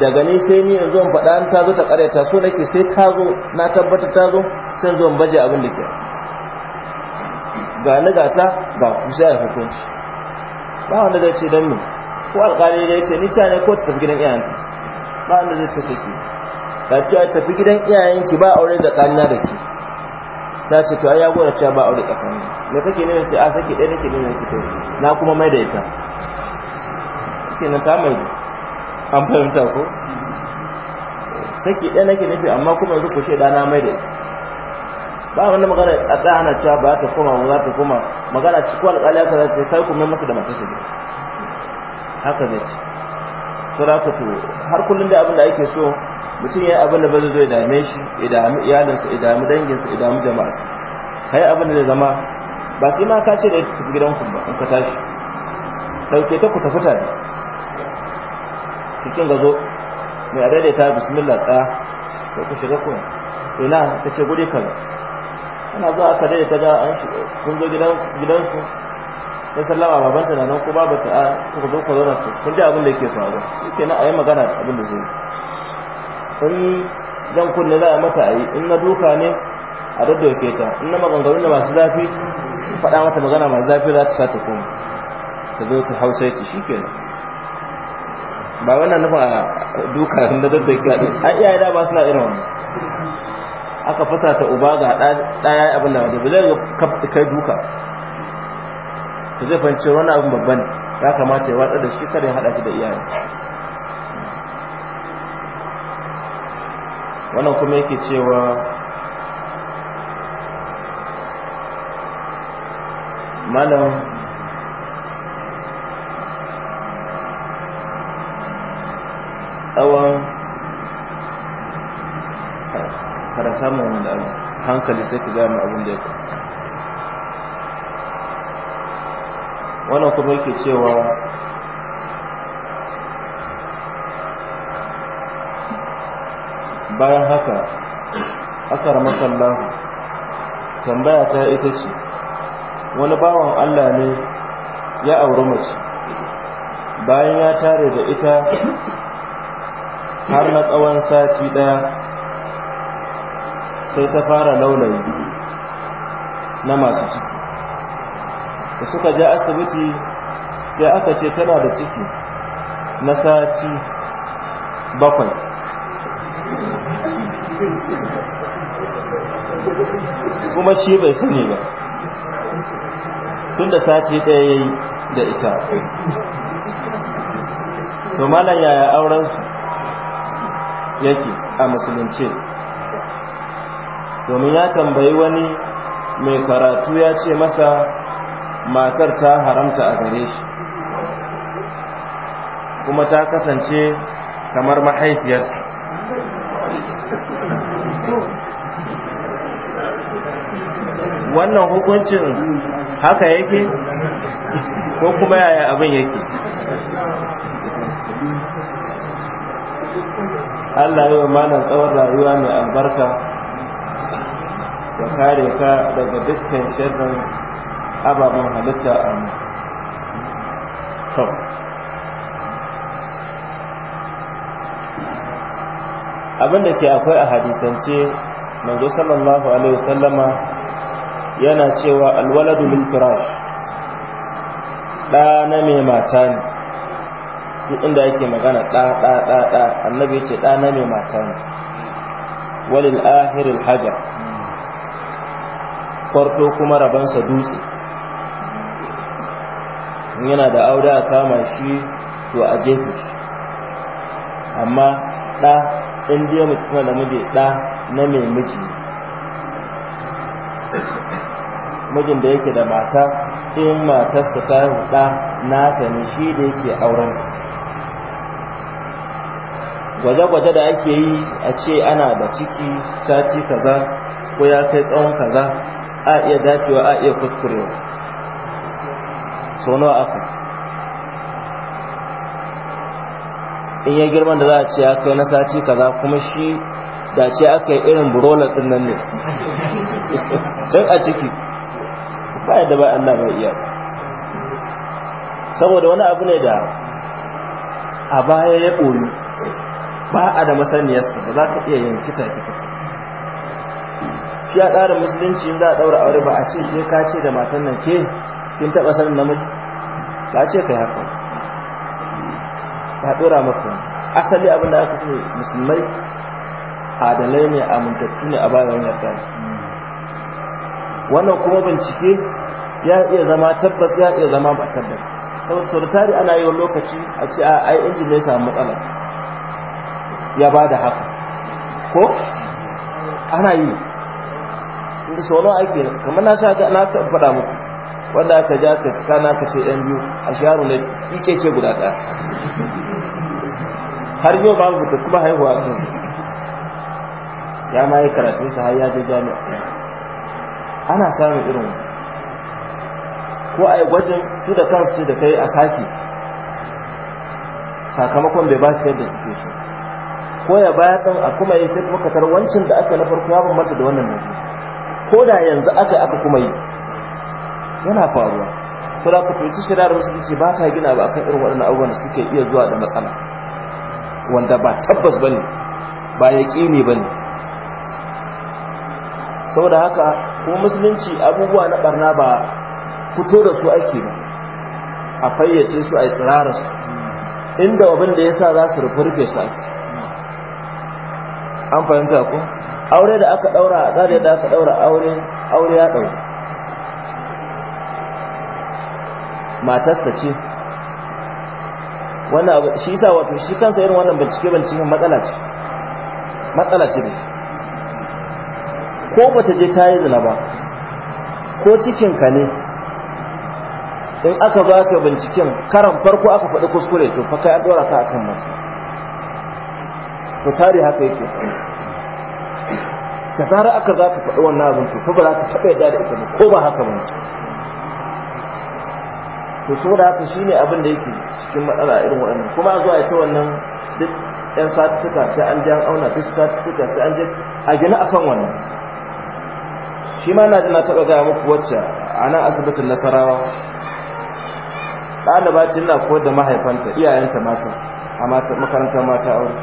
daga ni sai ni yanzu in faɗa ta zo ta ta so nake sai ta zo na tabbatar ta zo sai zo in baje abin da ke ga ni ga ta ga ku sai hukunci ba wanda zai ce dan mu ko alƙali da ya ce ni ta ne ko ta tafi gidan iyayenki ba wanda zai ce saki ta ce a tafi gidan iyayenki ba aure da ƙanina da ke ta ce to ai ya gora cewa ba aure tsakanin me kake nuna ce a saki ɗaya nake nuna ki to na kuma mai da ita kenan ta mai an fahimta ko saki ɗaya nake nufi amma kuma yanzu ku ce na mai da ita ba wanda magana a tsaya ana cewa ba ta koma ba za ta koma magana ci ko alƙali haka za ta yi kai kuma masa da matarsa gida haka zai ci sura ka to har kullum da abin da ake so mutum ya abin da ba zai zo ya dame shi ya dami iyalinsa ya dami danginsa ya dami jama'arsa kai abin da zai zama ba sai ma ka ce da tafi ku ba in ka tashi ɗauke ta ku tafi tare cikin gazo mai adaidaita bismillah tsaya ko ku shiga kuma ina ta ce guri kaza ana zuwa aka dai kaga an kun zo gidan gidansu sai sallama baban ta nan ko babu ta ko ku zo ko. kun ji abin da yake faruwa yake na a yi magana da abin da zai sun zan kunne za a mata a yi in na duka ne a daddauke ta in na maganganu da masu zafi faɗa mata magana masu zafi za ta sa ta koma ta zo ta hausa ta ci shi kenan ba wannan nufin a duka na daddauke a ɗin an iyaye da ba suna irin wannan aka fasa ta uba ga ɗaya abin da wadda bilal ya kai duka ta zai fahimci wani abin babban ya kamata ya watsa da shi kada ya haɗa shi da iyayen wannan kuma yake cewa malam tsawon karanta mu wannan abu hankali sai ka ga mu abin da ya wannan kuma yake cewa bayan haka akar masallahu tambaya ta ita ce wani bawan Allah ne ya auri mace bayan ya tare da ita har na tsawon sati daya sai ta fara laulayi na masu ciki da suka je asibiti sai aka ce tana da ciki na sati bakwai kuma shi bai sani ba tunda sati ɗaya ya yi da ita to malam yaya aurensu yake a musulunci domin ya tambayi wani mai karatu ya ce masa matar ta haramta a gare shi kuma ta kasance kamar mahaifiyarsa wannan hukuncin haka yake ko kuma yaya abin yake Allah yi wa malam tsawon rayuwa mai albarka kare ka daga dukkan sharrin ababen halitta a mu abinda ke akwai a hadisance manzo sallallahu alaihi wasallama yana cewa alwaladu lil firash da na mai mata ne duk inda yake magana da da da da annabi ce da na mai mata ne walil ahiril hajar kwarɗo kuma rabansa dutse yana da auda a kama shi to a jefi shi amma ɗa ɗan biya mutu suna da miji ɗa na mai miji mijin da yake da mata in matarsa ta yi ɗa nasa ne shi da yake auren gwaje-gwaje da ake yi a ce ana da ciki sati kaza ko ya kai tsawon kaza a iya dacewa a iya kuskurewa sau nawa aka in ya girman da za a ce aka kai na sati kaza kuma shi da ce aka yi irin burola din nan ne can a ciki ba yadda ba an bai iya saboda wani abu ne da a baya ya ɓoyi ba a da masaniyarsa ba za ka iya yin kita-kita. shi ya ƙara musulunci za a ɗaura aure ba a ce sai ka ce da matan nan ke kin taɓa sanin namiji ba ce kai haka ba ɗora maka asali abin da aka sani musulmai adalai ne amintattu ne a bayan yarda wannan kuma bincike ya iya zama tabbas ya iya zama ba tabbas sau da tari ana yi lokaci a ce a ai injin ne samu matsala ya ba da haka ko ana yi da sau nawa ake kamar na sa na ka faɗa muku wanda aka ja ka na ka ce yan biyu a shaharu ne kike ce guda ɗaya har yau mu ta kuma haihuwa a kansu ya ma yi karatun sa har ya je jami'a ana samun irin ko a yi gwajin su da kansu da kai a sake sakamakon bai ba su yadda suke so ko ya baya ɗan a kuma yi sai kuma katar wancin da aka na farko ya bambanta da wannan mutum ko da yanzu aka aka kuma yi yana faruwa saboda ku da musu musulunci ba ta gina ba akan irin waɗannan abubuwan da suke iya zuwa da matsala wanda ba tabbas bane ba yaqini bane saboda haka kuma musulunci abubuwa na barna ba fito da su ake ba a fayyace su a tsirara su inda abin da ya sa za su rufe su an fahimta ku aure da aka daura a da aka daura aure aure ya daura matarsa ce wannan abu shi yasa wato shi kansa irin wannan bincike bincike matsala ce matsala ce da shi ko bata je ta yi zina ba ko cikinka ne in aka ba ka binciken karan farko aka faɗi kuskure to fa kai an dora ka akan mata to tare haka yake da zara aka za ka faɗi wannan abin to fa ba za ka taɓa yadda da ita ba ko ba haka ba to da haka shine abin da yake cikin matsala irin waɗannan kuma a zuwa ita wannan duk yan satuka sai an jan auna duk satuka sai an je a gina akan wannan shi ma na ji na taɓa gaya muku wacce a nan asibitin nasarawa ɗaliba ce na koyar da mahaifanta iyayenta mata a makarantar mata aure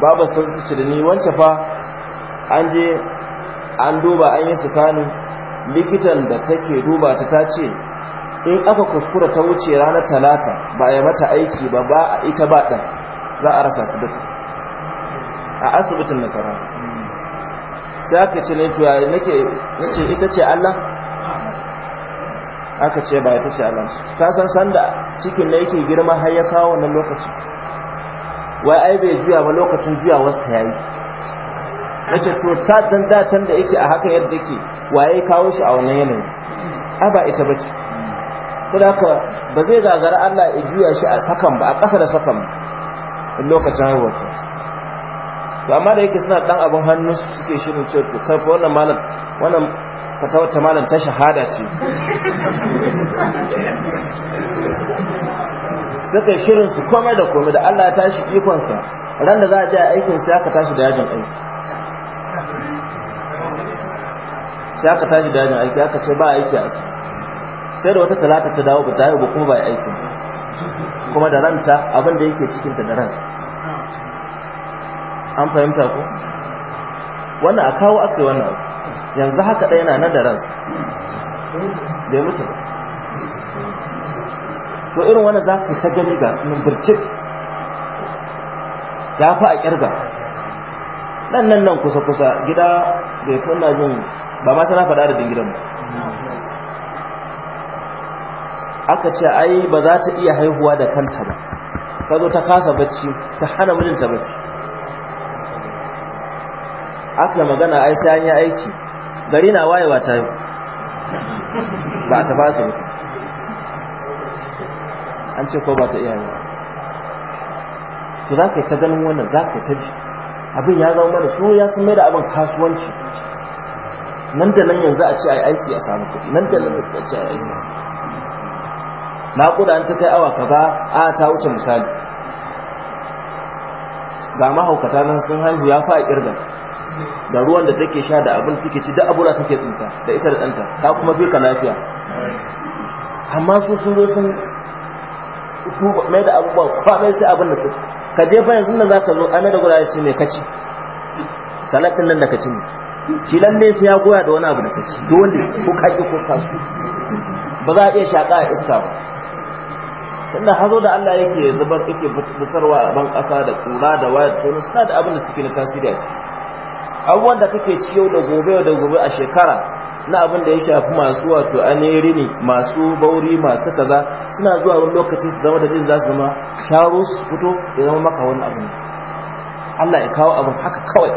babu sun ci da ni wancan fa an je an duba an yi sifani likitan da take duba ta ta ce in aka kuskura ta wuce ranar talata ba a mata aiki ba ba a ita ba ɗan za a rasa su duka a asibitin nasara sai aka ce ne tuwa nake ita ce Allah aka ce ba ita ce Allah ta san sanda cikin da yake girma har ya kawo wannan lokacin wai ai bai juya ba lokacin juya wasu ta yayi na to ta dacen da yake a haka yadda yake waye kawo shi a wannan yanayi a ba ita ba ce da haka ba zai gagara Allah ya juya shi a sakan ba a ƙasa da sakan lokacin haihuwarsa to amma da yake suna dan abin hannu su suke shirin ce to kai wannan malam wannan fatawar ta malam ta shahada ce suka shirin su komai da komai da Allah ya tashi ikonsa ran da za a je aikin sai aka tashi da yajin aiki sai aka tashi dajin aiki aka ce ba aiki a sai da wata talata ta dawo ba ta yi ba kuma ba aiki kuma da ranta abin da yake cikinta da ransa an fahimta ko wannan a kawo aka yi wannan yanzu haka ɗaya na nan da ransa bai mutu ko irin wani za ka ta gani ga sunan bircik ya fi a ƙirga nan nan nan kusa-kusa gida bai kuna jin ba ma tana faɗa da dingiran ba aka ce ai ba za ta iya haihuwa da kanta ba ta zo ta kasa bacci ta hana mijinta bacci aka magana ai sai an yi aiki gari na wayewa ta yi ba ta fasa ba an ce ko ba ta iya haihuwa to za ka yi ta ganin wannan za ka yi ta ji abin ya zama mana su ya sun mai da abin kasuwanci nan da nan yanzu a ce a aiki a samu kuɗi nan da nan a ce a aiki a samu naƙuda an ta kai awa kaza a ta wuce misali ga mahaukata nan sun haihu ya fa'a kirga da ruwan da take sha da abin take ci da abura take tsinta da isa da ɗanta ta kuma fi ka lafiya amma su sun zo sun mai da abubuwa kwaɗai sai abin da su ka je yanzu nan za ta zo a mai da gudanar ce mai kaci salatin nan da kaci ne shi lalle sai ya goya da wani abu da kaci dole ko kaki ko kasu ba za a iya shaka a iska ba tunda hazo da Allah yake zubar yake fitarwa a ban ƙasa da kura da waya da suna da abin da suke na tasiri a ciki abubuwan da kake ci yau da gobe da gobe a shekara na abin da ya shafi masu wato aneri ne masu bauri masu kaza suna zuwa wani lokaci su zama da din za su zama sharo su fito ya zama maka wani abu Allah ya kawo abin haka kawai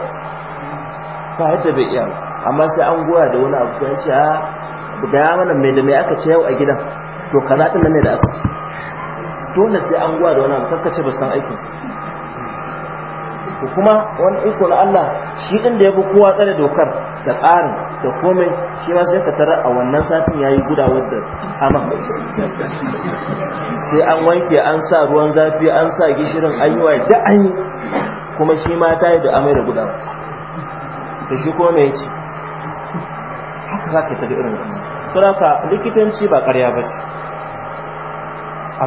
ba yadda bai iya amma sai an goya da wani abu sai ce ah, a da ya mana mai da mai aka ce yau a gidan to kaza din nan da aka ce dole sai an goya da wani abu kakkace ba san aikin ko kuma wani iko na Allah shi din da ya bi kowa tsare dokar da tsarin da komai shi ma sai ka tara a wannan satin yayi gudawar da amma sai an wanke an sa ruwan zafi an sa gishirin ayyuwa da an yi kuma shi ma ta yi da amai da gudawa da shi ko mai ci haka zaka ta da irin wannan don ka likitanci ba karya ba ce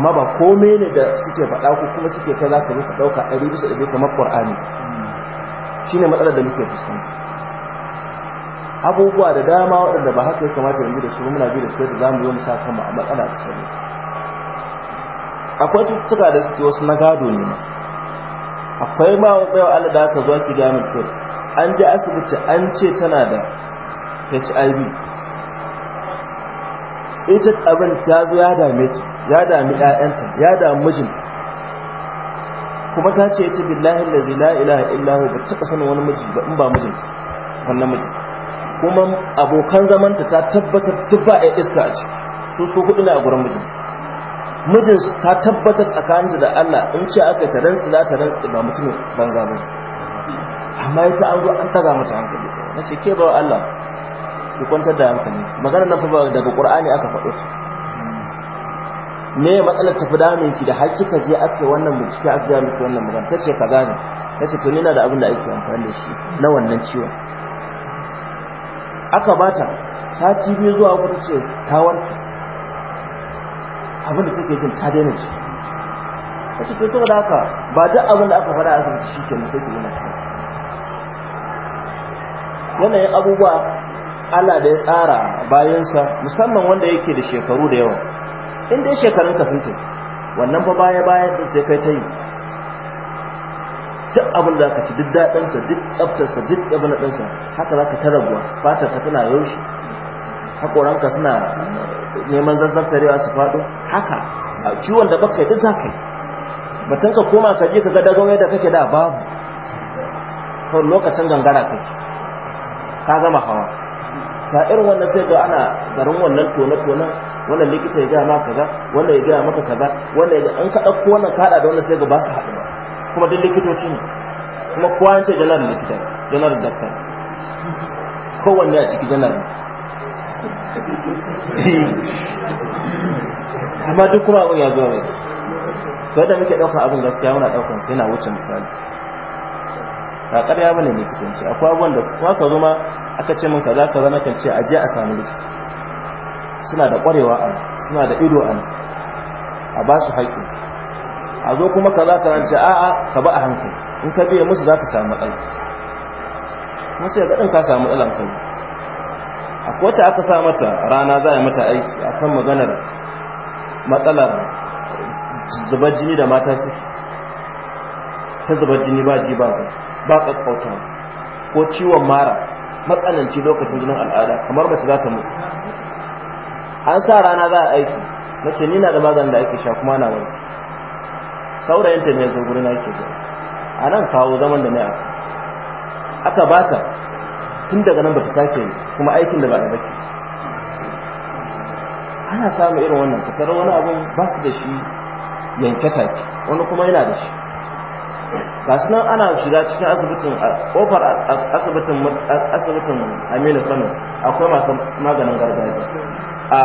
amma ba kome ne da suke faɗa ko kuma suke kai za ka ɗauka ɗari bisa ɗari kamar shi shine matsalar da muke fuskanta abubuwa da dama waɗanda ba haka ya kamata yanzu da su muna bi da su da mu yi mu sa kanmu a matsala ta sani akwai cututtuka da suke wasu na gado ne ma akwai ma wa wa alada ka zuwa ki ga mutum an je asibiti an ce tana da hiv ita abin ta zo ya dame ta ya dami ƴaƴanta ya dami mijinta kuma ta ce ta billahi allazi la ilaha illa hu ba taɓa sanin wani miji ba in ba mijinta wannan mijin kuma abokan zamanta ta tabbatar duk ba ɗaya iska a ciki su su hudu ne a gurin mijin. mijinsu ta tabbatar tsakaninta da Allah in ce aka ta la za ba mutumin banza ba amma ita an zo an taga mata hankali na ce ke bawa Allah ku kwantar da hankali magana nan fa daga Qur'ani aka faɗo ta me matsalar tafi damin ki da har kika je aka wannan bincike aka ga miki wannan magana ce ka gane ce to ni na da abin da ake amfani da shi na wannan ciwon aka bata sati biyu zuwa ku ce ta warke abin da take jin ta daina ci ce to da haka ba duk abin da aka a asibiti shi ke mutum ke yana yanayin abubuwa Allah da ya tsara bayansa musamman wanda yake da shekaru da yawa in dai shekarun ka sun tafi wannan fa baya baya da sai kai ta yi duk abin da ka ci duk daɗinsa duk tsaftarsa duk abin da haka za ka ta raguwa fatar ka tana yaushe ka suna neman zazzabtarewa su faɗo haka ciwon da baka yi duk za ka yi batun ka koma ka je ka ga dagawai da kake da babu kawai lokacin gangara kake ka gama hawa ta irin wannan sai ga ana garin wannan tone-tonen wannan likita ya gaya maka kaza wannan ya gaya maka kaza wannan ya an kaɗa ko wannan kaɗa da wannan sai ga ba su haɗu ba kuma duk likitoci ne kuma kowa ya janar likita janar daktar kowanne a ciki janar amma duk kuma abin ya zo mai kada muke ɗaukar abin gaskiya muna ɗaukar sai na wuce misali ba ƙarya bane ne likitanci akwai abubuwan da kuma ka zuma aka ce min kaza kaza nakan ce aje a samu likita suna da ƙwarewa a suna da ido a a ba su haƙƙi a zo kuma kaza kaza ce a'a ka ba a hankali in ka biya musu za ka samu matsala musu ya gaɗin ɗin ka samu matsalan kai a wata aka sa mata rana za a mata aiki akan maganar matsalar zubar jini da mata su ta zubar jini ba ji ba ba ba kakkautawa ko ciwon mara matsananci lokacin jinin al'ada kamar ba su za ta mutu an sa rana za a aiki na ce nina da maganin da ake sha kuma na wani saurayinta ne zo gurin ake zo a nan kawo zaman da na yaka aka bata tun daga nan ba su sake yi kuma aikin da ba da baki ana samun irin wannan tattara wani abin ba su da shi yanke take wani kuma yana da shi gasu nan ana shiga cikin asibitin kofar asibitin aminu kano akwai masu maganin gargajiya a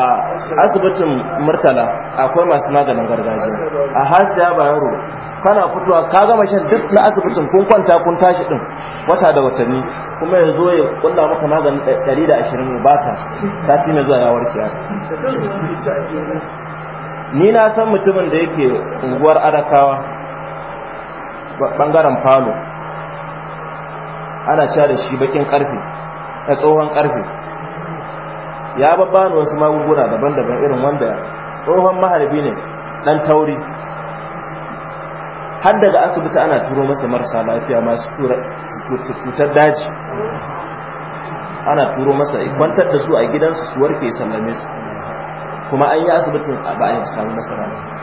asibitin murtala akwai masu maganin gargajiya a hasiya bayero kana fitowa ka gama shan duk na asibitin kun kwanta kun tashi din wata da watanni kuma ya zo ya kulla maka maganin ɗari da ashirin ba ta sati mai zuwa ya warke ni na san mutumin da yake unguwar arakawa bangaren falo ana sha da shi bakin karfe na tsohon karfe ya babbano wasu magunguna daban-daban irin wanda tsohon maharbi ne dan tauri har daga asibiti ana turo masa marasa lafiya masu cutar daji ana turo masa kwantar da su a gidansu su warke sallame su kuma an yi asibitin ba a yi samun nasara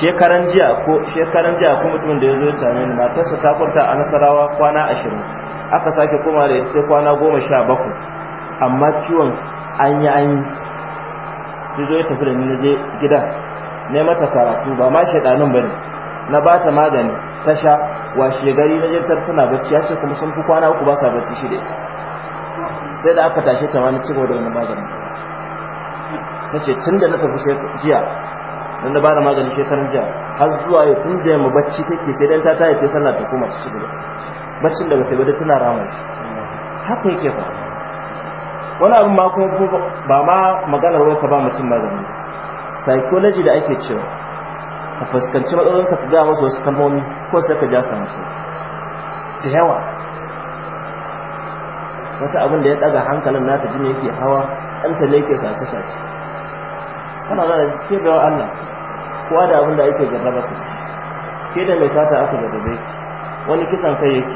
shekaran jiya ko shekaran jiya ko mutumin da ya zo ya same ni matarsa ta kwanta a nasarawa kwana ashirin aka sake koma da ita kwana goma sha bakwai amma ciwon an yi an yi zo ya tafi da ni na je gida ne mata karatu ba ma shaidanin ba ne na ba ta magani ta sha washe gari na jirtar tana bacci ya ce kuma sun fi kwana uku ba sa bacci shi da sai da aka tashe ta wani cigaba da wani magani ta ce tun da na tafi jiya dan da bada magani shekaran jiya har zuwa yau tun da mu bacci take sai dan ta ta sai sallah ta koma ta shiga baccin da bata sai ba tana rama shi haka yake fa wani abin ma kuma ba ma maganar wai ka ba mutum magani psychology da ake cewa ka fuskanci matsalolinsa ka ga masa wasu kalmomi ko sai ka ja sa musu da yawa wata abin da ya daga hankalin nata jini yake hawa dan ne yake sace-sace kana za ke ce da Allah kowa da abin da ake jarraba su ke da mai sata aka jarrabe wani kisan kai yake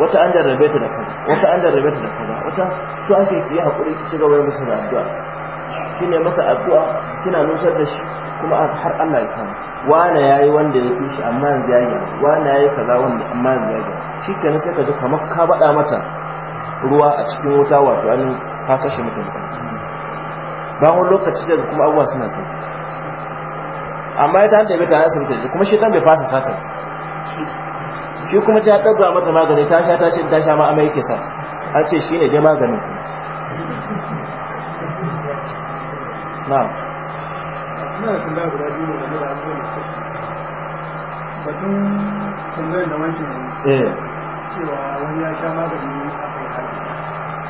wata an jarrabe ta da kaza wata an jarrabe ta da kaza wata to ake yi hakuri ki ci gaba da musu addu'a kine masa addu'a kina nusar da shi kuma har Allah ya kama wani yayi wanda ya fi shi amma yanzu ya gyara wani yayi kaza wanda amma yanzu ya gyara shi kenan sai ka ji kamar ka bada mata ruwa a cikin wuta wato an ka kashe mutum bayan lokaci daga kuma abubuwa suna sai amma ya ta hanta bai tare asibiti da kuma shi bai fasa satin shi kuma ta ɗaga mata magani ta sha ta ce ta sha ma amma yake sa a ce shi ne dai maganin na batun tambayar da wancan eh. cewa wani ya sha magani a kai harbi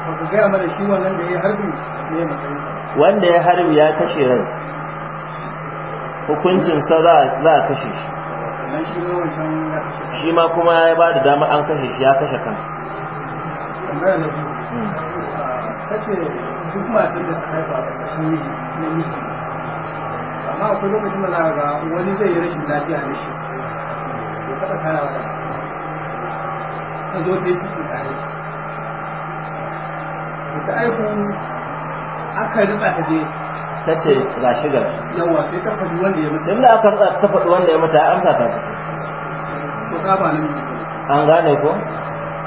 ba ku gaya mana shi wannan da ya harbi ne matsayin wanda ya harbi ya kashe rai hukuncin sa za a kashe shi shi ma kuma ya ba da dama an kashe shi ya kashe kansa kashe duk masu da haifa amma akwai lokacin da za wani zai yi rashin lafiya da shi ya taɓa tara wa ta zo ta yi ciki tare ta aiku aka ritsa ta je ta ce ga shi ga yawa sai ta faɗi wanda ya mutu tunda aka ritsa ta faɗi wanda ya mutu an sa ta fito ko ba nan an gane ko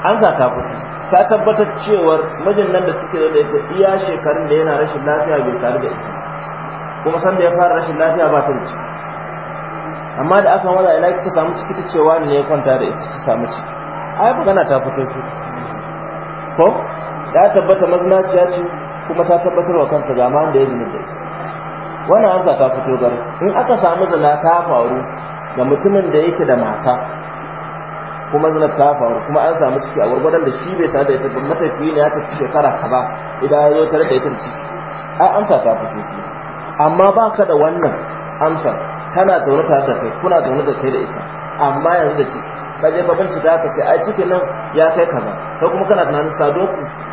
an ta fito ka tabbatar cewar mijin nan da suke da ita iya shekarun da yana rashin lafiya bai sare da ita kuma san da ya fara rashin lafiya ba ta da amma da aka maza ina kika samu ciki ta cewa ne ya kwanta da ita ta samu ciki ai magana ta fito ko da tabbata mazinaciya ce kuma ta tabbatar wa kanta ga da ya zunubi wannan an ta fito gar in aka samu zina ta faru ga mutumin da yake da mata kuma zina ta faru kuma an samu ciki a gwargwadon da shi bai sadu da ita ba matafiyi ne ya tafi shekara ba idan ya zo tare da ita ciki ai amsa ta fito amma ba ka da wannan amsa kana zaune tare da kai kuna zaune da kai da ita amma yanzu da ciki ka je babin ci da ka ce ai cikin nan ya kai kaza kai kuma kana tunanin sado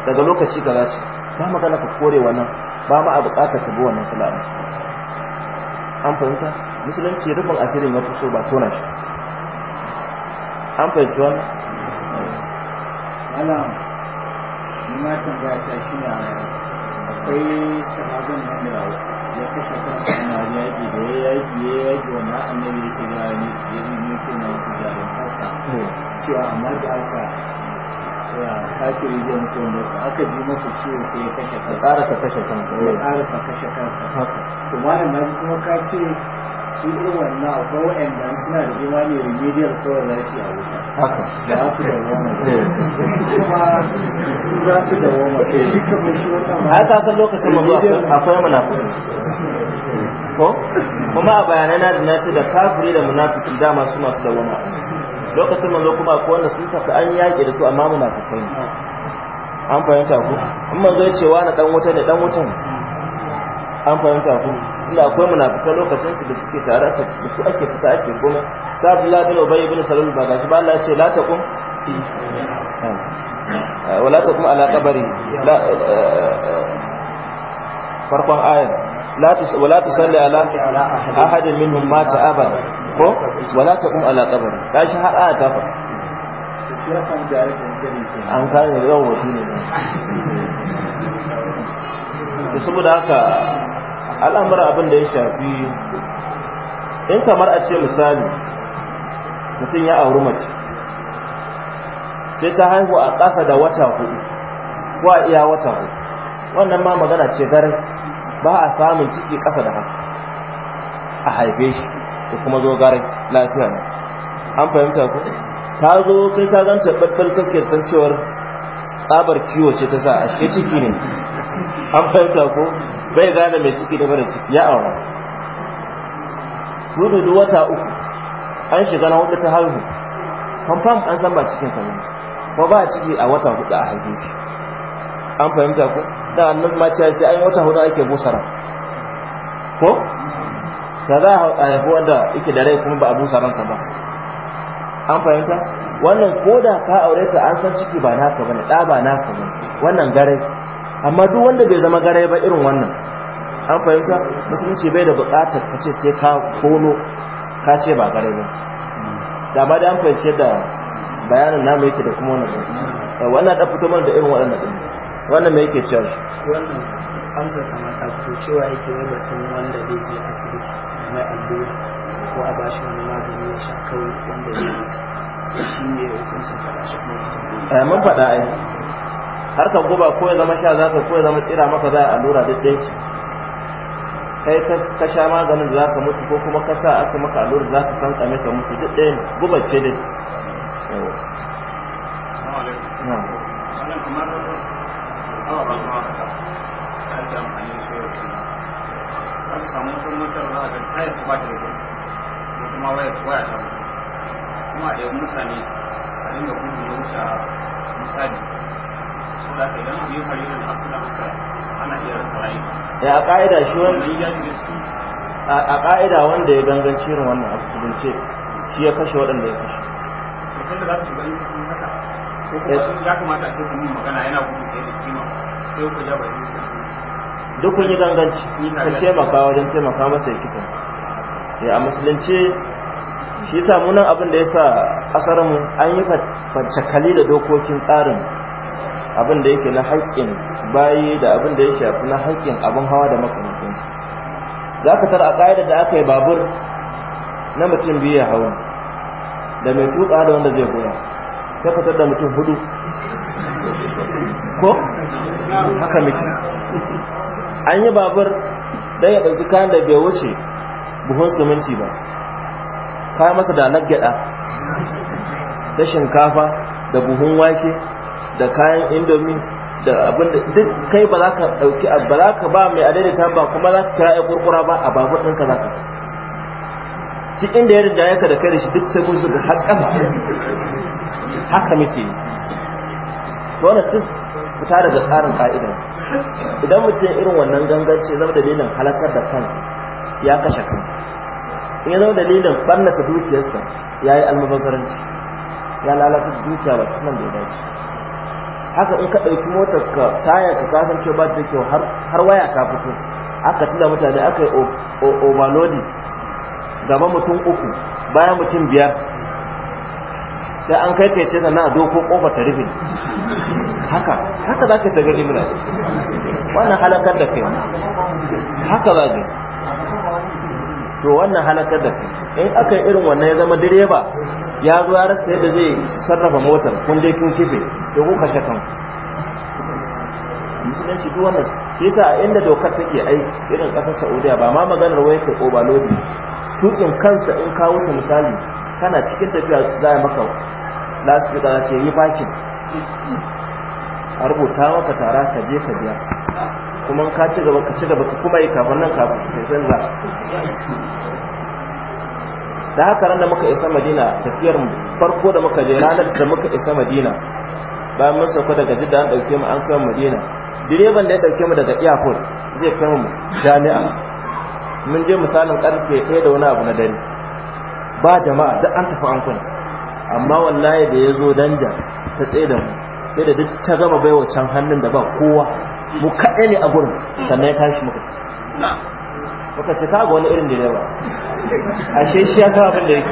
daga lokaci kaza ce ba magana ka kore wannan ba ma a bukatar ka bi wannan salama an fahimta musulunci rufin asirin ya fi ba tona shi an fahimci wani alam ni ma ta shi ne akwai sahabin da ya kashe kansa na yaƙi da ya yaƙi ya yaƙi wannan annabi ya ke gani ya nuna kuma jarumtarsa cewa amma da aka take rijiyar mutuwar da aka ji masa ciwo sai ya kashe kansa karasa kashe kansa ya karasa eh. kashe kansa to malam nan kuma ka ce su irin wannan akwai wa'anda suna da imani remedial kawai za su yi a wuta haka za su da woma eh. kuma su za su da wama eh. shi kamar shi wata ma haka san lokacin mazu akwai munafiki ko kuma a bayanai na da na ce da kafiri da munafiki dama su masu da wama. lokacin manzo kuma ko wanda sun tafi an yaƙi da su amma muna munafikai ne an fahimta ku in manzo ya ce wani dan wuta ne dan wutan. an fahimta ku inda akwai munafikai lokacin su da suke tare da su ake fita ake goma sabu la bin ubay bin salul ba ga ba Allah ya ce la taqum wala taqum ala qabri la eh, eh, eh, farkon ayat la tusalli ala ahadin minhum mata abada ko wala ta kuma ala kabari ta shi har aya ta faɗa an kare da yawan wasu ne da saboda haka al'amura abin da ya shafi in kamar a ce misali mutum ya auri mace sai ta haihu a ƙasa da wata hudu ko a iya wata hudu wannan ma magana ce gare ba a samun ciki ƙasa da haka a haife shi ta kuma zo gara lafiya ne an fahimta ku ta zo kai ta zanta babbar tsakiyar san cewar tsabar kiwo ce ta sa a shi ciki ne an fahimta ko bai gane mai ciki da mara ciki ya aura da wata uku an shiga na hudu ta haihu famfam an san ba cikin ta ne ba ba ciki a wata hudu a haife shi an fahimta ko da annabi ma ta sai an wata hudu ake busara ko ka za a haifi wanda yake da rai kuma ba a busa ransa ba an fahimta wannan ko da ka aure ta an san ciki ba naka bane da ba naka bane wannan garai. amma duk wanda bai zama garai ba irin wannan an fahimta musulunci bai da buƙatar ka ce sai ka kono ka ce ba garai ba da ba da an fahimci da bayanin namu yake da kuma wannan ɗin wannan ɗan fito da irin waɗannan ɗin wannan mai yake cewa shi wannan amsa sama ta fito cewa yake wai batun wanda bai je asibiti ko a ba shi wani magani ya sha kawai wanda ya shi ne hukuncin faɗa shi kuma musamman eh, mun faɗa ai harkar guba ko ya zama sha za ka ko ya zama tsira maka za a allura duk ɗaya kai ka sha maganin da za ka mutu ko kuma ka sa asa maka allura za ka san kame ka mutu duk ɗaya guba ce dai ƙa'ida shi a ƙa'ida wanda ya ganganci irin wannan abu cikince shi ya kashe waɗanda ya kashe eh. ya duk kun yi ganganci ka taimaka wajen taimaka masa ya kisa ya eh, a musulunci shi samu nan abin da ya sa ƙasarmu an yi fancakali da dokokin tsarin abin da yake na haƙƙin bayi da abin da ya shafi na haƙƙin abin hawa da makamantansu za ka tara a ƙa'idar da aka yi babur na mutum biyu ya hau da mai tuƙa da wanda zai goya sai ka da mutum hudu ko haka miki an yi babur don ya ɗauki kayan da bai wuce buhun siminti ba kayan masa da naggaɗa da shinkafa da buhun wake da kayan indomi da abin da duk kai ba za ka dauki ba za ka ba mai adaidaita ba kuma za ka kira ya kurkura ba a babur ɗinka za ka duk inda ya rinda ya ka da kai da shi duk sai kun shiga har ƙasa haka muke ne wani tis fita daga tsarin ka'ida idan mutum irin wannan gangance zama dalilin halakar da kansa ya kashe kansa in ya zama dalilin ɓarnata dukiyarsa ya yi almubazzaranci ya lalata dukiya ba su nan da ya dace haka in ka ɗauki motar ka taya ka ce ba ta kyau har waya ta fito aka tila mutane aka yi obalodi gaba mutum uku bayan mutum biyar sai an kai kai ce na doko kofa ta rufe haka haka za ka ta gani mura wannan halakar da kai haka za ka to wannan halakar da kai in aka yi irin wannan ya zama direba ya zo ya rasa yadda zai sarrafa motar kun dai kun kife da ku kashe kan musulunci duk wannan shi yasa inda dokar take ai irin kasar Saudiya ba ma maganar wai kai overloading tukin kansa in ka wuce misali kana cikin tafiya za a maka lasu da ce yi bakin a rubuta maka tara ka je ka biya kuma ka ci gaba ka ci gaba ka kuma yi kafin nan kafin zan canza da haka ran da muka isa madina tafiyar mu farko da muka je ranar da muka isa madina bayan mun sauka daga jidda an dauke mu an kai madina direban da ya dauke mu daga airport zai kai mu jami'a mun je misalin karfe 1 da wani abu na dare ba jama'a da an tafi an kuna amma wallahi da ya zo danja ta tsaye da mu sai da duk ta gama baiwa can hannun da ba kowa mu kaɗai ne a gurin sannan ya tashi muka Baka ce kaga wani irin direba ashe shi ya sa abin da yake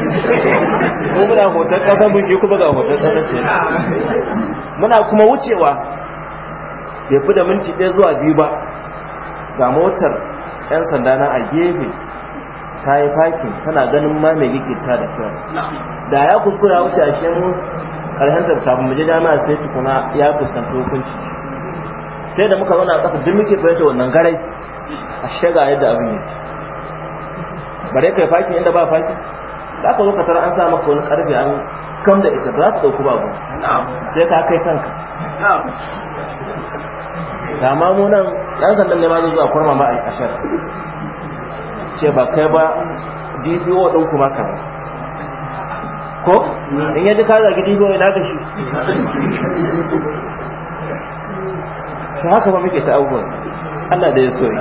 ko muna hoton ƙasa mun yi kuma ga hoton ƙasa ce muna kuma wucewa bai fi da minti ɗaya zuwa biyu ba ga motar 'yan sanda na a gefe ta yi fakin tana ganin ma mai gigita da kyau. da ya kuskura wuce shi mu ƙarshen kafin mu je jami'a sai tukuna ya fuskanta hukunci sai da muka zauna ƙasa duk muke fahimta wannan garai a shaga yadda abin yake bare kai fakin inda ba fakin da ka zo ka an sa maka wani karfi an kam da ita za ta ba babu sai ka kai kanka da ma mu nan dan sandan ne ma zo a kurma ma a ashar ce ba kai ba DPO din kuma ka ko in yadda ka zagi DPO ina ka shi ta haka ba muke ta abubuwan Allah da ya so yi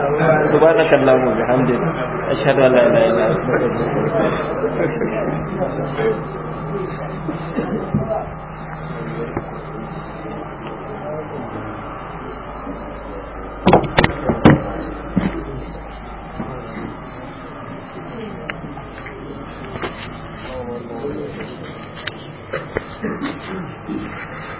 subhanakallahu wa bihamdika ashhadu an la ilaha illa anta astaghfiruka Thank you.